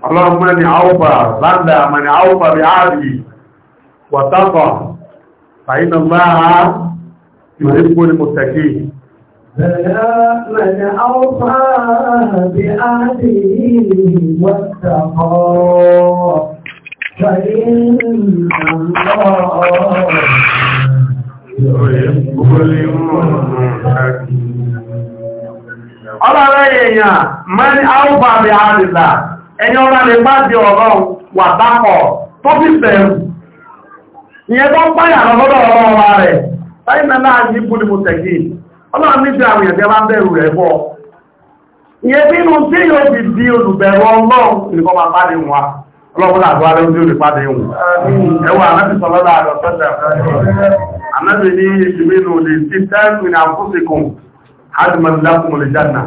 ọlọ́run mẹ́ni àwọ́pà ọ من أوفى بعهده واتقى فإن الله يحب المتقين ọlọ́rẹ́ èèyàn mẹ́rin àwọ́fà àmì àrìlà ẹni ọlá lè bá di ọ̀rọ̀ wà dákọ̀ tó bí bẹ̀rù ìyẹn tó páyà lọ́gọ́dọ̀ ọ̀rọ̀ ọ̀rọ̀ rẹ̀ láìmẹ́lá tẹ̀gì ọlọ́run níbi àwọn èèyàn tẹ́ bá ń bẹ̀rù rẹ̀ bọ́ ìyẹ́ tí inú tí yóò fi di olùbẹ̀rù ọlọ́run nìkan máa pàdé wa ọlọ́run làgbà rẹ̀ ń dúró pàdé wọn ẹwà anábì sọ lọ́dà àrọ̀ sọ́dà anábì ní ìṣúmínú lè ti tẹ́ẹ̀kù ní àkóṣekùn adìmọ̀lákùn lè jánà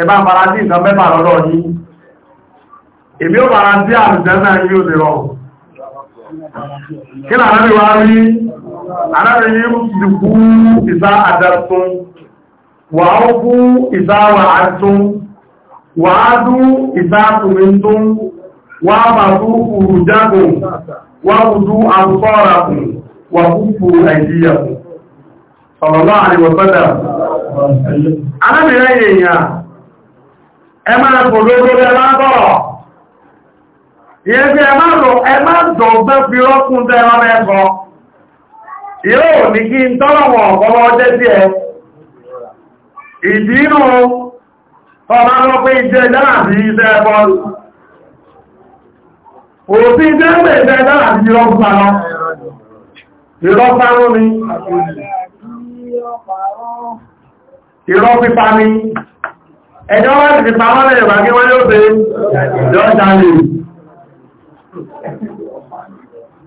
ẹ bá fara sí nǹkan mẹ́fà lọ́dọ̀ yìí èmi ó fara sí àrùjánà yóò lè rọrùn kí làwọn ìwà rí anaghị irụsilikwu iza adatụ wa ọkụ iza wa'atụ wa adụ iza akụmịntụ wa abatụ urujakụ wa kudu abụsọrakụ wa kufu aijiyakụ sọlọ́lọ́ àríwọ̀sọ́dà alábìnrin èèyàn ẹ máa kò lórí ẹ máa ìyẹ́ bí ẹ máa dọ̀gbẹ́ fi tẹ́ yóò ní kí n tọ́lọ̀wọ̀ ọ̀pọ̀lọ́ ọjẹ́ sí ẹ ìdínú ọ̀rọ̀ lọ pé iṣẹ́ dáàbí iṣẹ́ bọ́ọ̀lù òfin jẹ́ pé iṣẹ́ dáàbí ìrọ́pàá ìrọ́pàá ní ìrọ́ pípa ní ẹjọ́ wọ́n ti pàmọ́lẹ̀ ìwàgí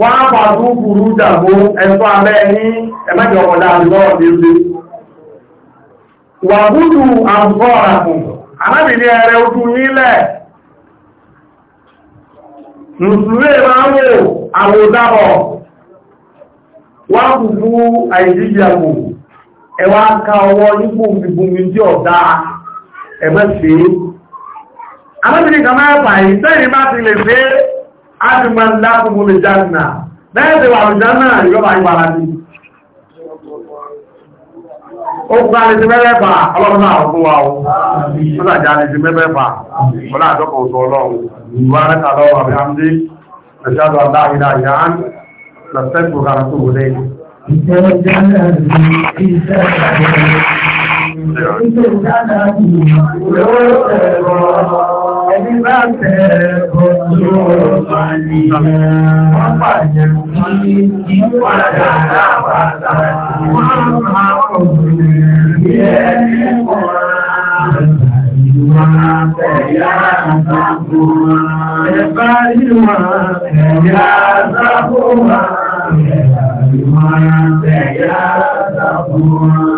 wọ́n á bá tún burú dàbó ẹ̀sọ́ abẹ́ ní ẹ̀mẹ́jọ ọ̀dá àdúgbọ́rọ̀ ní wà búrú àbúgbọ́ ọ̀ràkùn alábìnrin ẹrẹ ojú nílẹ̀ mùsùlùmí máa ń wò àwòdábọ̀ wá kùkú àìdíjàkù ẹwà ká ọwọ́ nípò ìbùnmi adìmọ̀ lákùnmù lè jánà mẹ́ẹ̀dẹ̀ wà ní wa o mọ́sà jẹ́ alẹ́sí mẹ́rẹ́bà wọ́n láàjọ́kọ̀ òṣù ọlọ́run wọ́n rẹ́ta lọ́wọ́ àbí àmdé ẹ̀ṣẹ́dọ̀ àdáhìdá ìyàn lọ́sẹ́kù kan tó wọlé ẹni bá tẹ̀ ojú ọ̀rọ̀ ní wọ́n pàdé kí ìpadà lápàdà wọ́n máa kọ̀ọ̀rọ̀ ní ẹ̀yà àtàkùn wa,